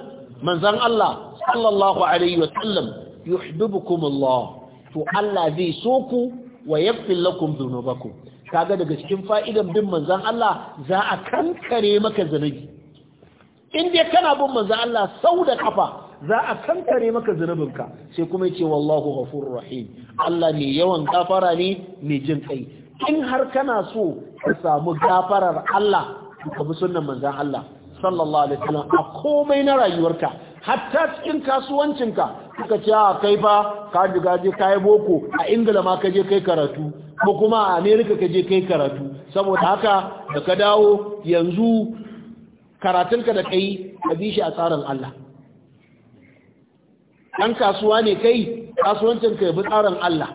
manzon Allah sallallahu alaihi wasallam yuhibbukum Allah to Allah zai so ku wa yaghfir lakum dhunubakum kaga daga cikin fa'idan bin manzan Allah za a kankare maka zanubi in dai kana bin manzon Allah sau da kafa za a kankare maka zunubinka sai kuma yace wallahu ghafurur rahim Allah ne yawan gafara ne mai jin kai in har kana so ka samu gafarar Allah ka bi sunnan manzon Allah sallallahu alaihi wasallam a komai na rayuwarka hatta cikin kasuwancinka suka ce a kai fa ka riga je kai boko a ingila ma ka je kai karatu ko kuma a america ka je kai karatu saboda haka da ka dawo yanzu karatunka da kai ka bi shi a tsarin Allah ɗan kasuwa ne kai kasuwancinka ya bi tsarin Allah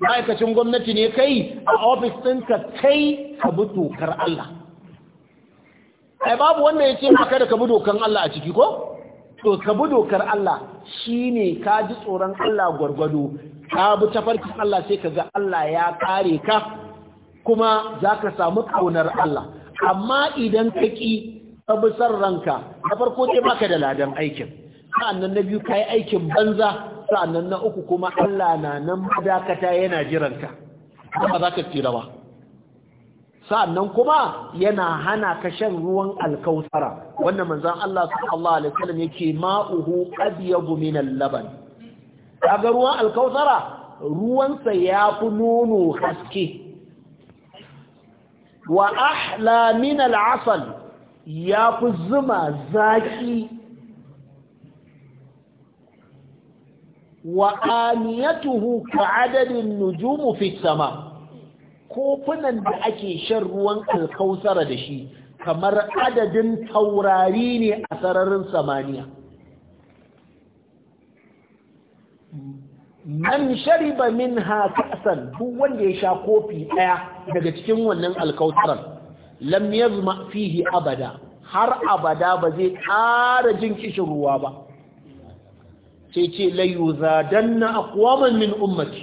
ma'aikacin gwamnati ne kai a ofis ɗinka kai ka bi dokar Allah ai babu wanda ya ce maka da ka bi dokan Allah a ciki ko to ka bi dokar Allah shine ka ji tsoron Allah gwargwado ka bi tafarkin Allah sai ka ga Allah ya kare ka kuma za ka samu ƙaunar Allah amma idan ka ƙi abisar ranka na farko ce maka da ladan aikin sa'annan na biyu yi aikin banza sa'annan na uku kuma Allah na nan madakata yana jiranka ba za ka tsira ba sa'annan kuma yana hana ka ruwan alkautara wannan manzon Allah sallallahu alaihi wasallam yake ma'uhu abyabu guminan al-laban kaga ruwan alkautara ruwansa fi nono haske wa ahla min ya asal yafi zuma zaki wa aniyatuhu ka'adadin nujumu fi sama kofunan da ake shan ruwan alkausara da shi kamar adadin taurari ne a sararin samaniya man shariba min kasan duk wanda ya sha kofi ɗaya daga cikin wannan alkausaran lam yazma fihi abada har abada ba zai ƙara jin kishin ruwa ba sai ce layu zadanna a min zan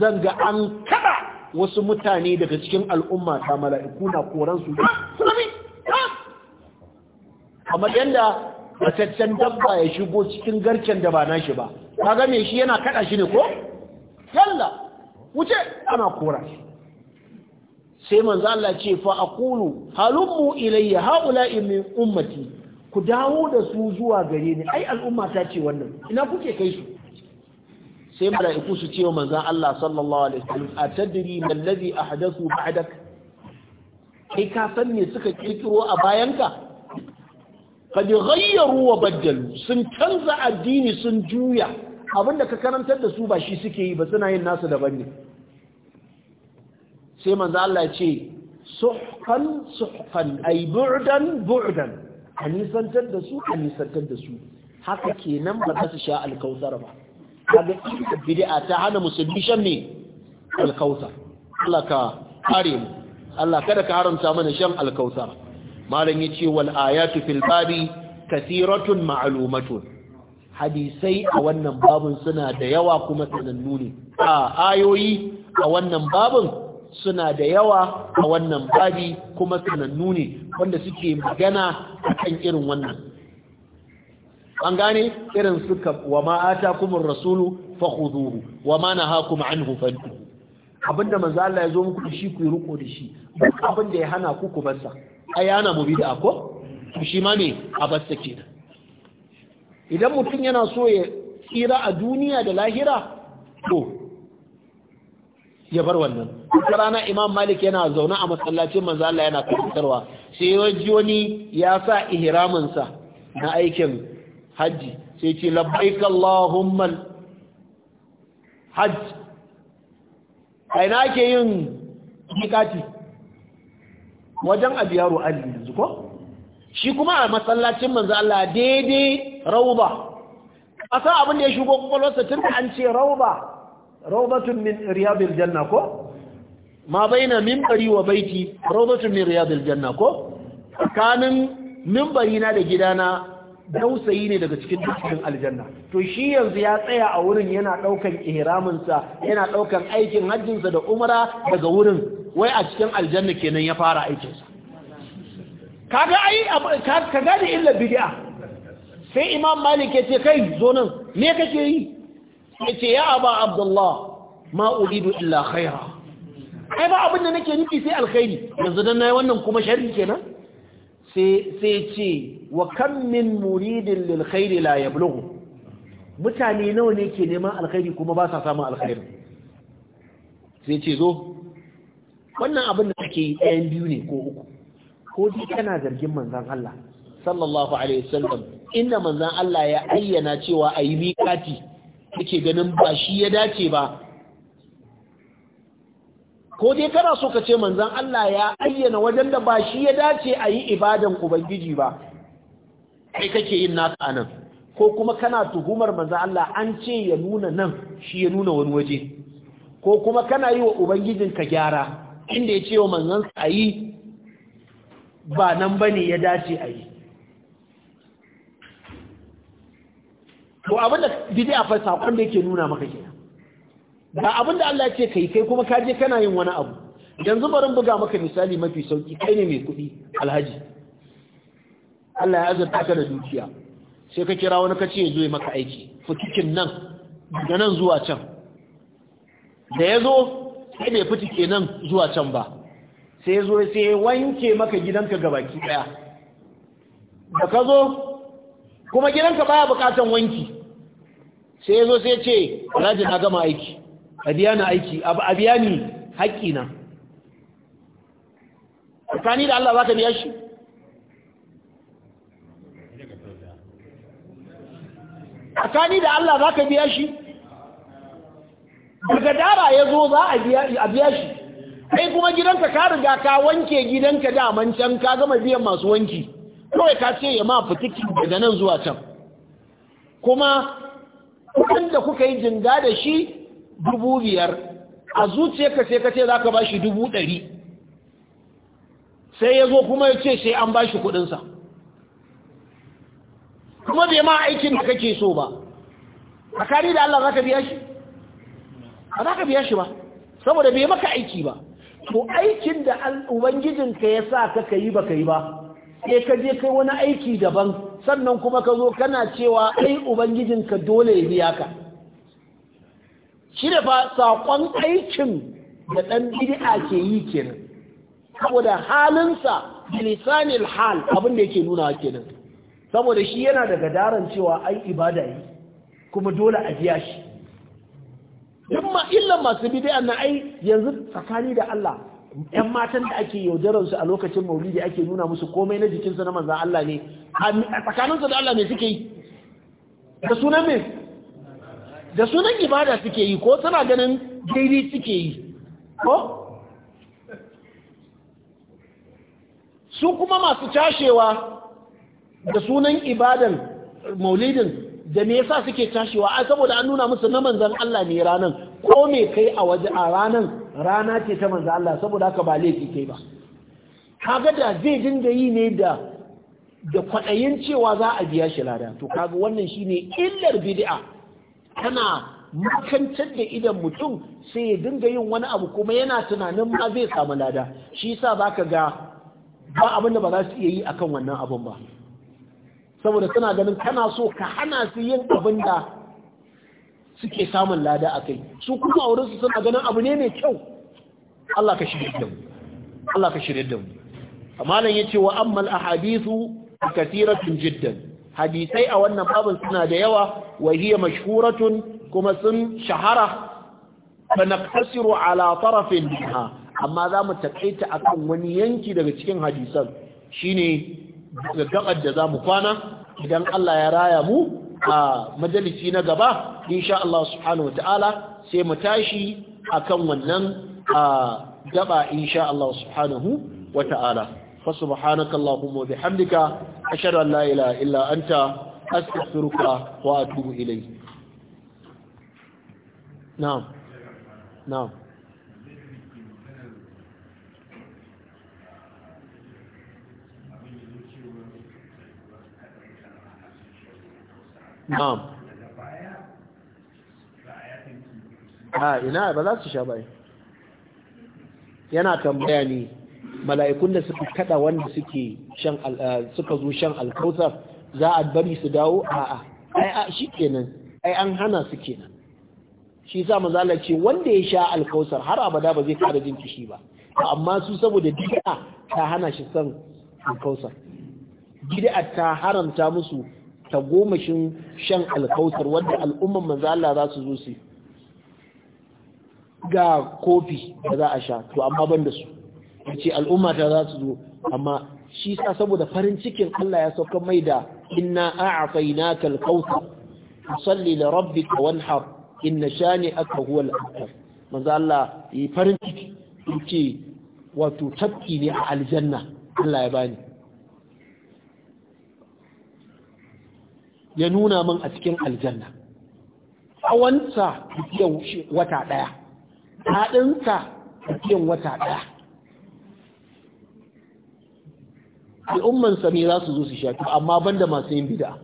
zanga an kada wasu mutane daga cikin al'umma ta mala'iku na koransu ah, ah! kamar yadda mataccen dabba ya shigo cikin garken da ba na shi ba ta game shi yana kada shi ne ko yalla wuce ana kora shi sai manzo Allah ce fa a kulu halummu ilayya haula imin ummati ku dawo da su zuwa gare ni ai al'umma ta ce wannan ina kuke kai su sai mala'iku su ce wa manzon Allah sallallahu alaihi wasallam atadri man ladhi ahdathu ba'dak kai ka san me suka kirkiro a bayanka qad ghayyaru wa baddalu sun canza addini sun juya abinda ka karantar da su ba shi suke yi ba suna yin nasu daban ne sai manzo Allah ya ce suhkan suhkan ay bu'dan bu'dan a nisantar da su a nisantar da su haka kenan ba za su sha alkautar ba kaga bid'a ta hana musulmi shan ne alkautar Allah ka kare mu Allah kada ka haramta mana shan alkautar malam yace wal ayatu fil babi kathiratun ma'lumatun hadisai a wannan babun suna da yawa kuma sanannu ne a ayoyi a wannan babun suna da yawa a wannan babi kuma sanannu ne wanda suke magana akan irin wannan an gane irin suka wa ma'ata kuma rasulu fa khuduhu wa ma nahakum anhu fantu abinda manzo Allah ya zo muku shi ku riko da shi abinda ya hana ku ku barsa ai yana mu bid'a ko shi ma ne a barsa kenan idan mutum yana so ya tsira a duniya da lahira to ya bar wannan wata rana imam malik yana zaune a masallacin manzo Allah yana karantarwa sai ya ji wani ya sa ihraminsa na aikin hajji sai ce labbaika Allahumma hajj kai na ke yin mikati wajen abiyaru ali yanzu ko shi kuma a masallacin manzo Allah daidai rauba asa abin da ya shigo kwakwalwarsa tun da an ce rauba raubatun min riyabil janna ko ma baina minbari wa baiti raubatun min riyabil janna ko tsakanin minbari na da gidana dausayi ne daga cikin dukkan aljanna to shi yanzu ya tsaya a wurin yana daukan ihraminsa yana daukan aikin hajjinsa da umra daga wurin wai a cikin aljanna kenan ya fara aikinsa kaga ai ka illa bid'a sai imam malik yace ce kai zo nan me kake yi yace ya aba abdullah ma uridu illa khaira ai ba abin da nake nufi sai alkhairi yanzu dan nayi wannan kuma sharri kenan sai ce wa kan min muridin lil khairi la yablughu mutane nawa ne ke neman alkhairi kuma ba sa samun alkhairi sai ce zo wannan abin da kake yi ɗayan biyu ne ko uku ko dai kana zargin manzon Allah sallallahu alaihi wasallam inda manzon Allah ya ayyana cewa ayi kati miƙati yake ganin ba shi ya dace ba ko dai kana so ka ce manzan Allah ya ayyana wajen da ba shi ya dace a yi ibadan ubangiji ba kai kake yin naka a nan ko kuma kana tuhumar manzan Allah an ce ya nuna nan shi ya nuna wani waje ko kuma kana yi wa ka gyara inda ya ce wa manzansa a yi ba nan ba ne ya dace a yi to abinda bidi a fa sakon yake nuna maka kenan ba abin da Allah ce kai kai kuma ka je kana yin wani abu yanzu barin buga maka misali mafi sauki kai ne mai kuɗi alhaji Allah ya azurta ka da dukiya sai ka kira wani kace ya zo maka aiki fitikin nan daga nan zuwa can da ya zo sai bai fitike nan zuwa can ba sai zo sai wanke maka gidanka gabaki daya da ka zo kuma gidanka baya bukatan wanki sai zo sai ce alhaji na gama aiki a biya ni aiki a biya ni haƙƙina da Allah za ka biya shi tsakani da Allah za ka biya shi daga dara ya zo za a biya shi kai kuma gidanka ka riga ka wanke gidanka daman can ka gama biyan masu wanki kawai ka ce ya ma fitiki daga nan zuwa can kuma kudin da kuka yi jinga da shi dubu biyar a zuciyarka sai ka ce za ka ba shi dubu ɗari sai ya zo kuma ya ce sai an ba shi kuɗinsa kuma bai ma aikin da kake so ba a kari da Allah za ka biya shi ba za ka biya shi ba saboda bai maka aiki ba to aikin da ubangijinka ya sa ka ka yi ba ka yi ba sai ka je kai wani aiki daban sannan kuma ka zo kana cewa ai ubangijinka dole ya biya ka shi da saƙon aikin da ɗan bid'a ke yi kenan saboda halinsa bilisanil hal abin da yake nuna kenan saboda shi yana daga gadaran cewa ai ibada yi kuma dole a biya shi duk ma illan masu bid'a na ai yanzu tsakani da Allah yan matan da ake yaudarar a lokacin maulidi ake nuna musu komai na jikinsu na manzan Allah ne a tsakaninsu da Allah ne suke yi da sunan mai da sunan ibada suke yi ko suna ganin daidai suke yi ko su kuma masu cashewa da sunan ibadan maulidin da me yasa suke cashewa a saboda an nuna musu na manzan Allah ne ranan ko me kai a waje a ranan rana ce ta manzan Allah saboda haka ba laifi kai ba kaga da zai dinga yi ne da da kwaɗayin cewa za a biya shi lada to kaga wannan shine illar bid'a tana makancar da idan mutum sai ya dinga yin wani abu kuma yana tunanin ma zai samu lada shi sa yasa ka ga ba abin da ba za su iya yi akan wannan abin ba saboda suna ganin kana so ka hana su yin abin da suke samun lada a kai su kuma a wurinsu suna ganin abu ne mai kyau Allah ka shirye da mu Allah ka shirye da mu amma nan yace wa ammal ahadithu kathiratun jiddan hadisai a wannan babin suna da yawa wa hiya mashhuratun kuma sun shahara Bana naqtasiru ala tarafin minha amma za mu a akan wani yanki daga cikin hadisan shine gabar da za mu kwana idan Allah ya raya mu a majalisi na gaba insha Allah subhanahu wataala sai mu tashi akan wannan gaba insha Allah subhanahu wataala فسبحانك اللهم وبحمدك أشهد أن لا إله إلا أنت أستغفرك وأتوب إليك نعم نعم نعم ها ina ba za su sha bai yana tambaya ne mala'ikun da suka kada wanda suke shan eh, suka zo shan alkausar za a bari su dawo a'a ai a shikenan ai an hana su kenan shi sa maza Allah ce wanda ya sha alkausar har abada ba zai kara jin kishi ba amma su saboda bid'a ta hana shi san alkausar gida ta haramta musu ta shin shan alkausar wanda al'umman mazala Allah za su zo su ga kofi da za a sha to amma ban da su yace al'umma ta za su zo amma shi sa saboda farin cikin Allah ya sauka mai da inna a'tainaka al-kautsar salli li rabbika wanhar inna aka huwa al manzo Allah yi farin ciki yace wato tabki ne a aljanna Allah ya bani ya nuna min a cikin aljanna tsawonsa tafiyan wata ɗaya haɗinsa tafiyan wata ɗaya al'ummansa ne za su zo su shafi amma banda masu yin bid'a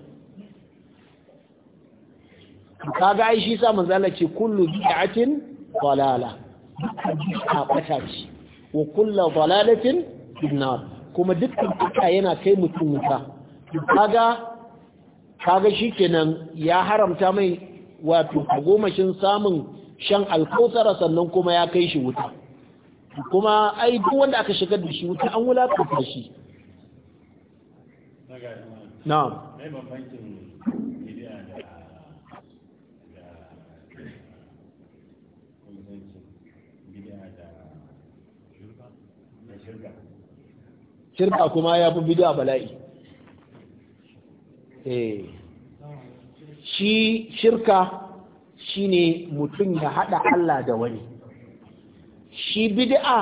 Ka ga ai shi sa manzala ce kullu bi'atin dalala bid'a bata ce wa kullu dalalatin binnar kuma dukkan bid'a yana kai mutum wuta kaga kaga kenan ya haramta mai wato gomashin samun shan alkausara sannan kuma ya kai shi wuta kuma ai duk wanda aka shigar da shi wuta an wulakanta shi shirka kuma ya fi bid'a bala'i eh shi shirka shine mutum ya haɗa Allah da wani shi bid'a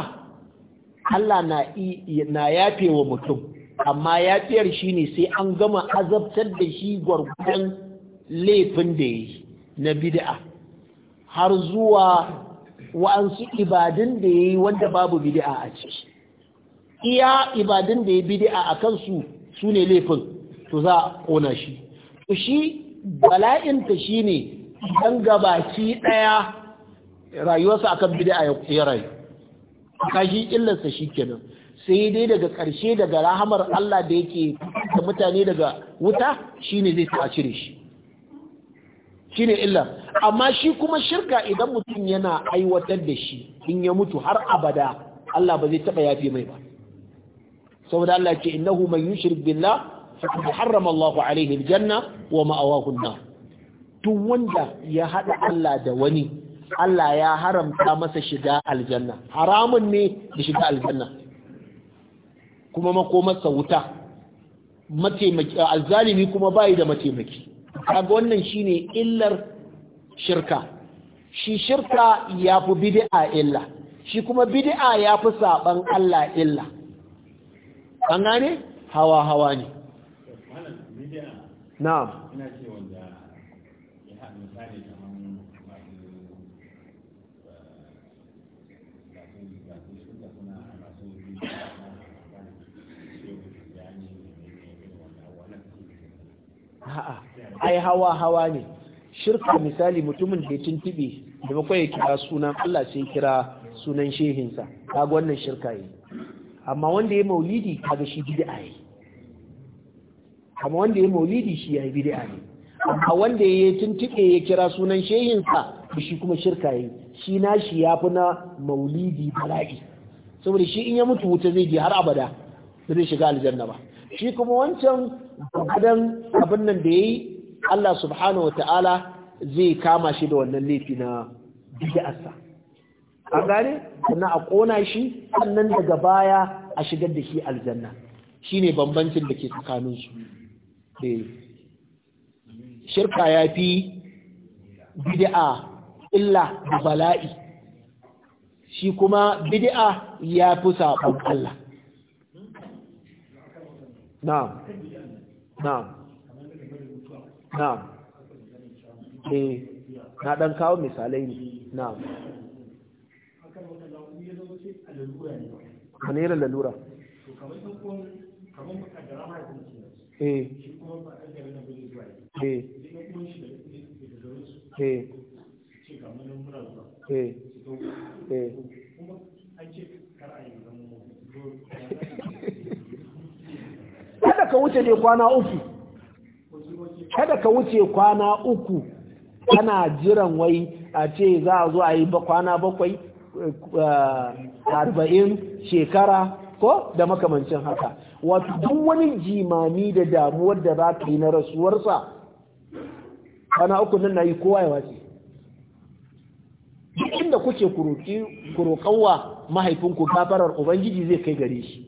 Allah na yafe wa mutum amma fiyar shi ne sai an gama azabtar da shi gwargwadon laifin da ya yi na bid'a har zuwa wa'ansu ibadun da ya yi wanda babu bid'a a ciki iya ibadun da ya bid'a a kansu su ne laifin to za a kona shi to shi bala'inta shi ne idan gabaki ɗaya rayuwarsa akan bid'a ya rayu kashi illarsa shi kenan sai dai daga ƙarshe daga rahamar Allah da yake da mutane daga wuta shine zai ta cire shi shine illa amma shi kuma shirka idan mutum yana aiwatar da shi in ya mutu har abada Allah ba zai taɓa yafi mai ba saboda Allah ce innahu man yushrik billah faqad harrama Allah alaihi aljanna wa ma'awahu an tun wanda ya haɗa Allah da wani Allah ya haramta masa shiga aljanna haramun ne da shiga aljanna kuma makomarsa wuta mataimaki azzalimi kuma bai da mataimaki kaga wannan shine illar shirka shi shirka ya yafi bid'a illa shi kuma bid'a yafi saban Allah illa an gane hawa hawa ne na'am ina cewa a'a ai hawa hawa ne shirka misali mutumin da ya tuntube da bakwai ya kira sunan Allah sai kira sunan shehinsa kaga wannan shirka yi amma wanda ya maulidi kaga shi bid'a yi amma wanda ya maulidi shi ya yi bid'a ne amma wanda ya tuntube ya kira sunan shehinsa shi kuma shirka yi shi na shi ya fi na maulidi bala'i saboda shi in ya mutu wuta zai je har abada zai shiga aljanna ba shi kuma wancan gadon abin nan da ya yi, Allah subhanahu ta'ala zai kama shi da wannan laifi na bid'arsa A gane sannan a kona shi sannan daga baya a shigar da shi aljanna shine bambancin da ke tsakanin su eh. shirka ya fi bid'a illa da bala'i shi kuma bid'a ya fi saɓon Allah na'am na'am na'am eh na dan kawo misalai ne na'am manera lalura eh eh eh eh, eh. kada ka wuce ne kwana uku kada ka wuce kwana uku kana jiran wai a ce za a zo a yi kwana bakwai eh, arba'in shekara ko da makamancin haka wato duk wani jimami da damuwar da za ka yi na rasuwarsa kwana uku nan na yi kowa ya wace inda kuke kurokawa mahaifinku gafarar ubangiji zai kai gare shi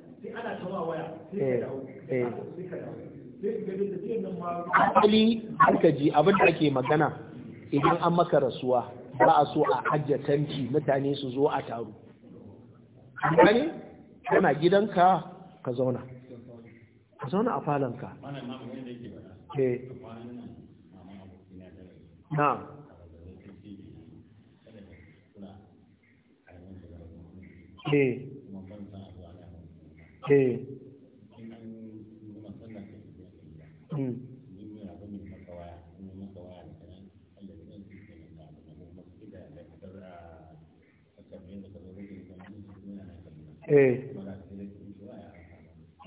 sai eh, eh. harka ji abin da ake magana idan an maka rasuwa ba a so a hajjatanci mutane su zo a taru gani kana gidanka ka zauna ka zauna a falonka na eh Eh. Hmm.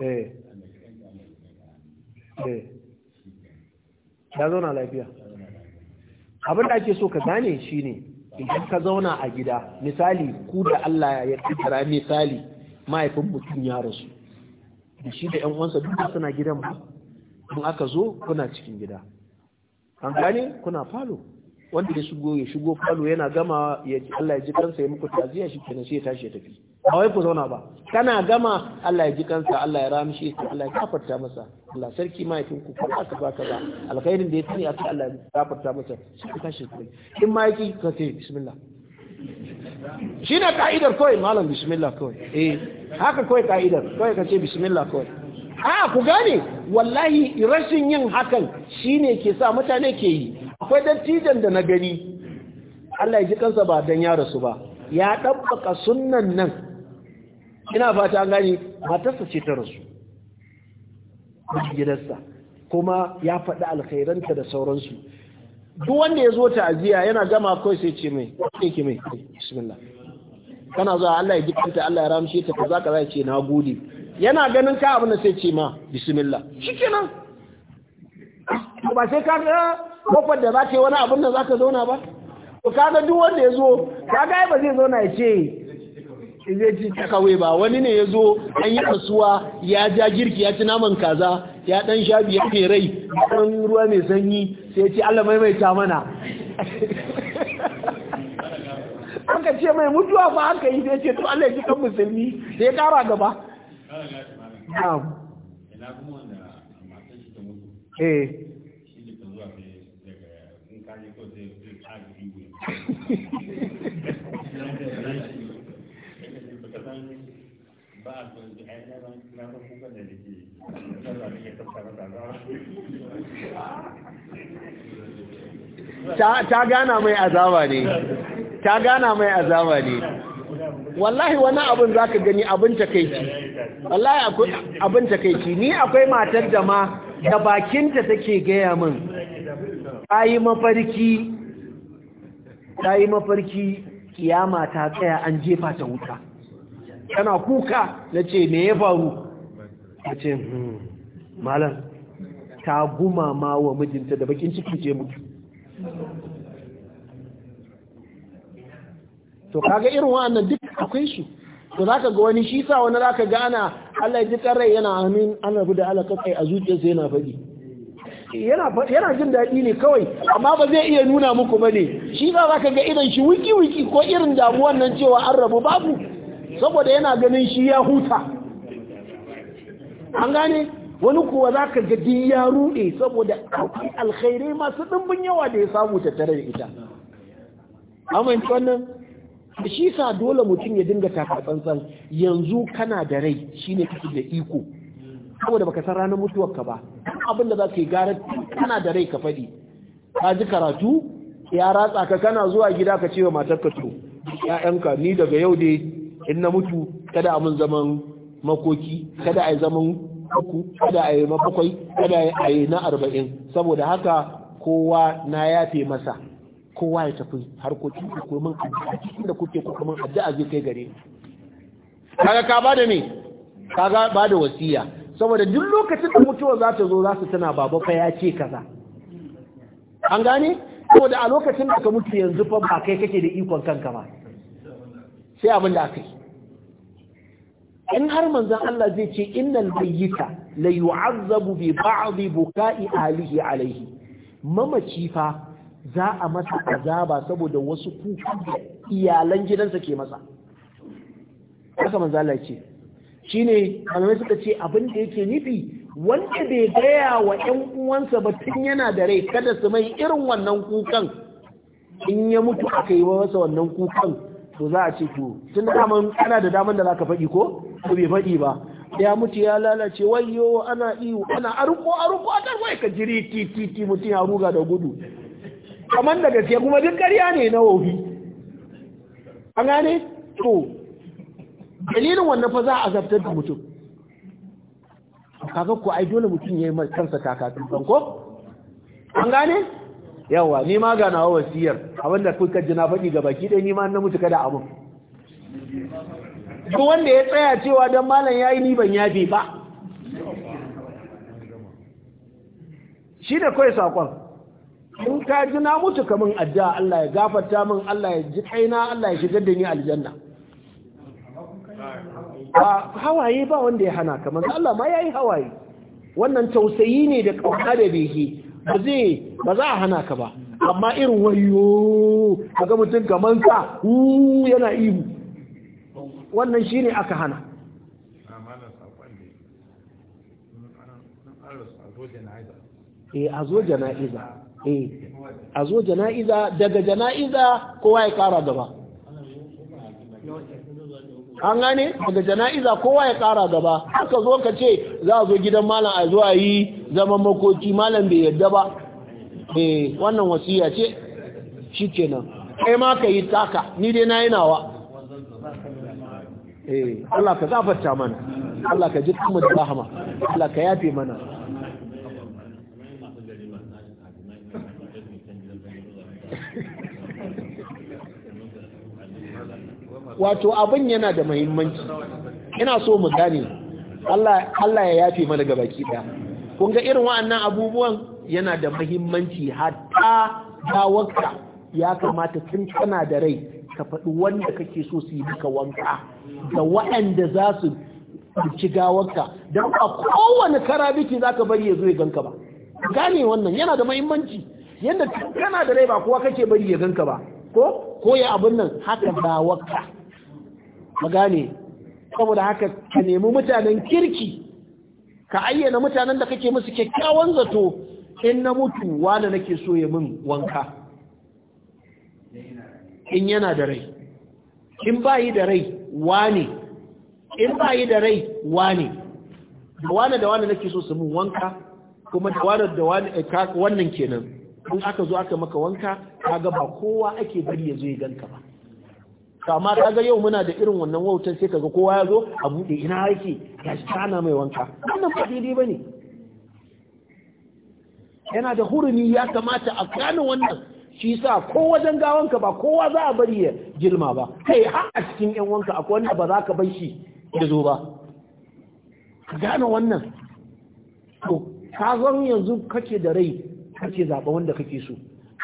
Eh. Eh. ya zauna lafiya abin da ake so ka gane shi ne idan ka zauna a gida misali ku da Allah ya kaddara misali mahaifin mutum ya rasu da shi da 'yan uwansa duk suna gidan ba in aka zo kuna cikin gida an gane kuna falo wanda ya shigo ya shigo falo yana gama ya Allah ya ji kansa ya muku taziya shi kenan sai ya tashi ya tafi ba wai ku zauna ba kana gama Allah ya ji kansa Allah ya rami shi Allah ya kafarta masa Allah sarki mahaifin ku ko aka ba kaza alkhairin da ya a aka Allah ya kafarta masa shi ka tashi kai in ma yake ka ce bismillah shine ka'idar kawai malam bismillah kawai eh haka kawai ka'idar kawai ka ce bismillah kawai a ku gane wallahi rashin yin hakan shine ke sa mutane ke yi akwai dattijan da na gani Allah ya ji kansa ba dan ya rasu ba ya dabbaka sunnan nan ina fata an gane matarsa ce ta rasu gidansa kuma ya faɗi alkhairanta da sauransu duk wanda ya zo ta'aziya yana gama kawai sai ce mai ke mai kana zuwa Allah ya ji kanta Allah ya ramshe ta kaza ka zai ce na gode yana ganin ka abin da sai ce ma bismillah shikenan ba sai ka ga kofar da za ta yi wani abin da za ka zauna ba to ga duk wanda ya zo ka kaga ba zai zauna ya ce zai ci takawe ba wani ne ya zo an yi kasuwa ya ja girki ya ci naman kaza ya dan sha ya fere rai ɗan ruwa mai sanyi sai ya ce Allah maimaita mana aka ce mai mutuwa fa aka yi sai ce to Allah ya kan musulmi sai ya kara gaba ta gana mai azaba ne ta gana mai azaba ne wallahi wani abin za ka gani abin takaici wallahi abin takaici ni akwai matar da ma da bakinta take gaya min ta yi mafarki ta yi mafarki kiyama ta tsaya an jefa ta wuta tana kuka na ce me ya faru a ce hmm, malam ta guma ma wa mijinta da bakin ciki ce mutu to kaga irin wa'annan duk akwai shi to zaka ga wani shi sa wani zaka ga ana Allah ya ji karai yana amin an rabu da alaka kai a zuciyarsa yana faɗi yana yana jin daɗi ne kawai amma ba zai iya nuna muku bane shi sa zaka ga idan shi wiki wiki ko irin damuwan nan cewa an rabu babu saboda yana ganin shi ya huta an gane wani kuwa zaka ga gadi ya ruɗe saboda akwai alkhairai masu ɗimbin yawa da ya samu tare da ita amince wannan da shi sa dole mutum ya dinga taka tsantsan yanzu kana da rai shine kake da iko saboda baka san ranar mutuwar ka ba abin da za ka yi gara kana da rai ka faɗi ka ji karatu ya ratsa ka kana zuwa gida ka ce wa matar ka to ƴaƴanka ni daga yau dai in na mutu kada a mun zaman makoki kada a yi zaman uku kada a yi mabakwai kada a yi na arba'in saboda haka kowa na yafe masa kowa ya tafi harkokin ku kuma addu'a cikin da kuke kuma addu'a zai kai gare kaga ka bada me kaga da wasiya saboda duk lokacin da mutuwa za ta zo za su tana baba fa ya ce kaza an gane saboda a lokacin da ka mutu yanzu fa ba kai kake da ikon kanka ba sai abin da aka yi in har manzon Allah zai ce innal bayyita la yu'azzabu bi ba'dhi buka'i alihi alayhi mamaci fa za a masa azaba saboda wasu kuka iyalan gidansa ke masa haka manzo Allah ce shine malamai suka ce abin da yake nufi wanda bai gaya wa ƴan uwansa ba tun yana da rai kada su mai irin wannan kukan in ya mutu aka yi masa wannan kukan to za a ce to tun da ana da daman da zaka faɗi ko ko bai faɗi ba ya mutu ya lalace wayyo ana iyo ana arko arko a tarwai ka jiri titi mutum ya ruga da gudu kamar da gaske kuma duk ƙarya ne na wofi an gane to dalilin wannan fa za a zartar da mutum kaga ko ai dole mutum ya yi kansa taka takatun ko an gane yawa ni ma ga nawa wasiyar abinda kuka ji na faɗi ga baki ɗaya ni ma na mutu kada abin duk wanda ya tsaya cewa dan malam yayi ni ban yafe ba shi da kawai sakon in ka ji na mutu kamin addu'a Allah ya gafarta min Allah ya ji kaina Allah ya shigar da ni aljanna ba hawaye ba wanda ya hana kamar Allah ma yayi hawaye wannan tausayi ne da ƙauka da bege ba zai ba za a hana ka ba amma irin wayo kaga mutum kaman sa u yana ihu wannan shine aka hana eh a zo jana'iza Azo eh, a zo jana'iza daga jana'iza kowa ya kara gaba an gane daga jana'iza kowa ya kara gaba haka zo ka ce za a zo gidan malam a zo a yi zaman makoki malam bai yadda ba eh wannan wasiya ce shi kenan kai ma ka yi taka ni dai na yi nawa eh Allah ka gafarta mana Allah ka ji kuma da rahama Allah ka yafe mana wato abin yana da mahimmanci ina so mu gane Allah ya yafe mana ga baki ɗaya kun ga irin wa'annan abubuwan yana da mahimmanci hatta ga ya kamata tun kana da rai ka faɗi wanda kake so su yi maka wanka da waɗanda za su ci gawarka don a kowane kara biki za ka bari ya zo ya ganka ba gane wannan yana da mahimmanci yadda kana da rai ba kowa kake bari ya ganka ba ko ko ya abin nan haka ba wakka Magani saboda haka ka nemi mutanen kirki ka ayyana mutanen da kake musu kyakkyawan zato in na mutu wani nake so ya min wanka in yana da rai in bayi da rai wane in bayi da rai wane da wane da wane nake so su min wanka kuma da wane da wane eh, wannan kenan in aka zo aka maka wanka kaga ba kowa ake bari ya zo ya ganka ba kama kaga yau muna da irin wannan wautar sai kaga kowa ya zo a buɗe ina yake ya shi tana mai wanka wannan ba daidai ba ne yana da hurumi ya kamata a gane wannan shi sa ko wajen gawanka ba kowa za a bari ya girma ba kai har a cikin yan wanka akwai wanda ba za ka bar shi ya zo ba ka gane wannan to ka yanzu kake da rai kace zaba wanda kake so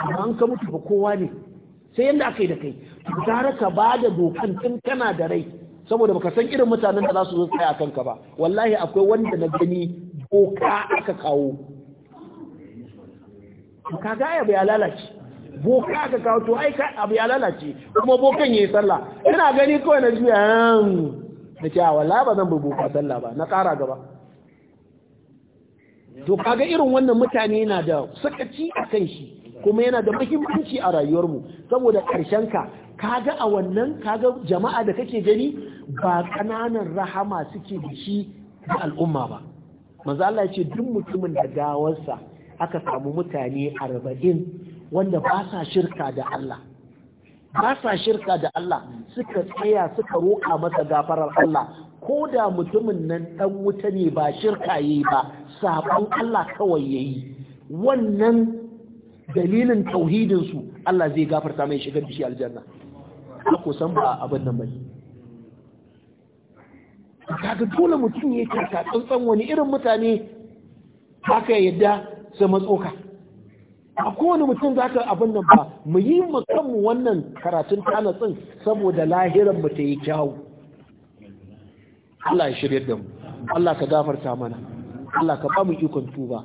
amma an ka mutu ba kowa ne sai yadda aka yi da kai gara ka ba da dokan tun kana da rai saboda baka san irin mutanen da za su zo tsaya a kanka ba wallahi akwai wanda na gani boka aka kawo kaga abu ya lalace boka aka kawo to ai abu ya lalace kuma bokan yayi sallah ina gani kawai na juya Na cewa wallahi ba zan bi boka sallah ba na kara gaba to kaga irin wannan mutane yana da sakaci a kan shi kuma yana da muhimmanci a rayuwarmu saboda ƙarshen ka kaga a wannan kaga jama'a da kake gani ba ƙananan rahama suke da shi da al'umma ba manzo Allah ya ce duk mutumin da gawarsa aka samu mutane arba'in wanda ba sa shirka da Allah ba sa shirka da Allah suka tsaya suka roƙa masa gafarar Allah ko da mutumin nan dan wuta ne ba shirka yi ba sabon Allah kawai ya yi wannan dalilin tauhidinsu Allah zai gafarta mai shigar da shi aljanna a san ba abin nan bane ga dole mutum ya yi tsantsan wani irin mutane haka yadda sai matsoka a kowane mutum za ka abin nan ba mu yi mu kanmu wannan karatun tanatsin saboda lahiran mu ta yi kyawu Allah ya shirya da mu Allah ka gafarta mana Allah ka ba mu ikon tuba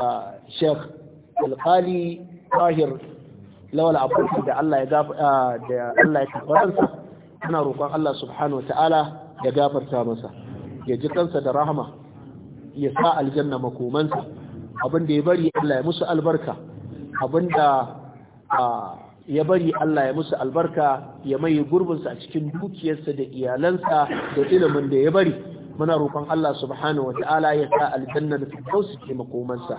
a Sheikh Alƙali Tahir Lawal Abubakar da Allah ya gafa da Allah ya ana roƙon Allah subhanahu wa ta'ala ya gafarta masa ya ji kansa da rahama ya sa aljanna makomansa abin da ya bari Allah ya musu albarka abin ya bari Allah ya musu albarka ya mai gurbinsa a cikin dukiyarsa da iyalansa da ilimin da ya bari muna roƙon Allah subhanahu ta'ala ya sa aljanna da firdausi ke makomansa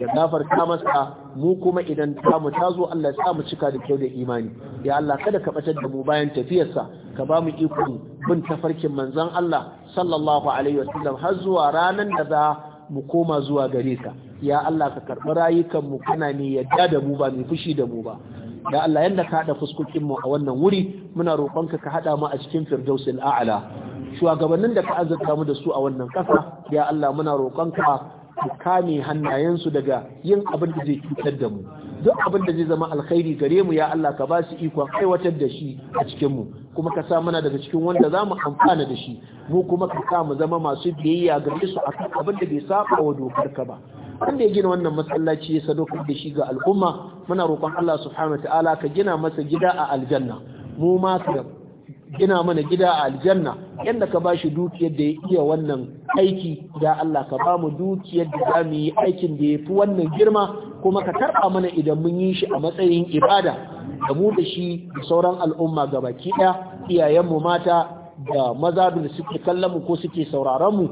ya gafarta masa mu kuma idan ta mu tazo Allah ya sa mu cika da kyau da imani ya Allah kada ka batar da mu bayan tafiyarsa ka ba mu iko bin tafarkin manzon Allah sallallahu alaihi wasallam har zuwa ranan da za mu koma zuwa gare ka ya Allah ka karɓi rayukan mu kana ne yadda da mu ba mai fushi da mu ba ya Allah yanda ka hada fuskokin mu a wannan wuri muna roƙonka ka hada mu a cikin firdausil a'la shugabannin da ka azurta mu da su a wannan kasa, ya Allah muna roƙonka ka kame hannayensu daga yin abin da zai cutar da mu duk abin da zai zama alkhairi gare mu ya Allah ka ba su ikon aiwatar da shi a cikin mu kuma ka sa mana daga cikin wanda za mu amfana da shi mu kuma ka sa mu zama masu biyayya gare su kan abin da bai saba wa dokar ka ba wanda ya gina wannan masallaci ya sadaukar da shi ga al'umma muna roƙon Allah subhanahu ta'ala ka gina masa gida a aljanna mu ma ka gina mana gida a aljanna yanda ka bashi dukiyar da ya iya wannan aiki da Allah ka ba mu dukiyar da za mu yi aikin da ya fi wannan girma kuma ka karɓa mana idan mun yi shi a matsayin ibada da mu da shi da sauran al'umma baki ɗaya iyayenmu mata da maza da suke kallan mu ko suke sauraron mu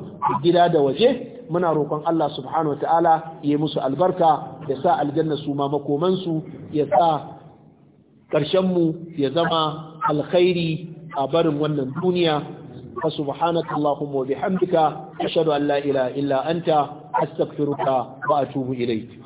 gida da waje muna roƙon Allah subhanahu wataala ya musu albarka ya sa aljanna su ma makoman ya sa ƙarshen mu ya zama alkhairi a barin wannan duniya fa subhanaka allahumma wa bihamdika ashhadu an la ilaha illa anta astaghfiruka wa atubu ilayk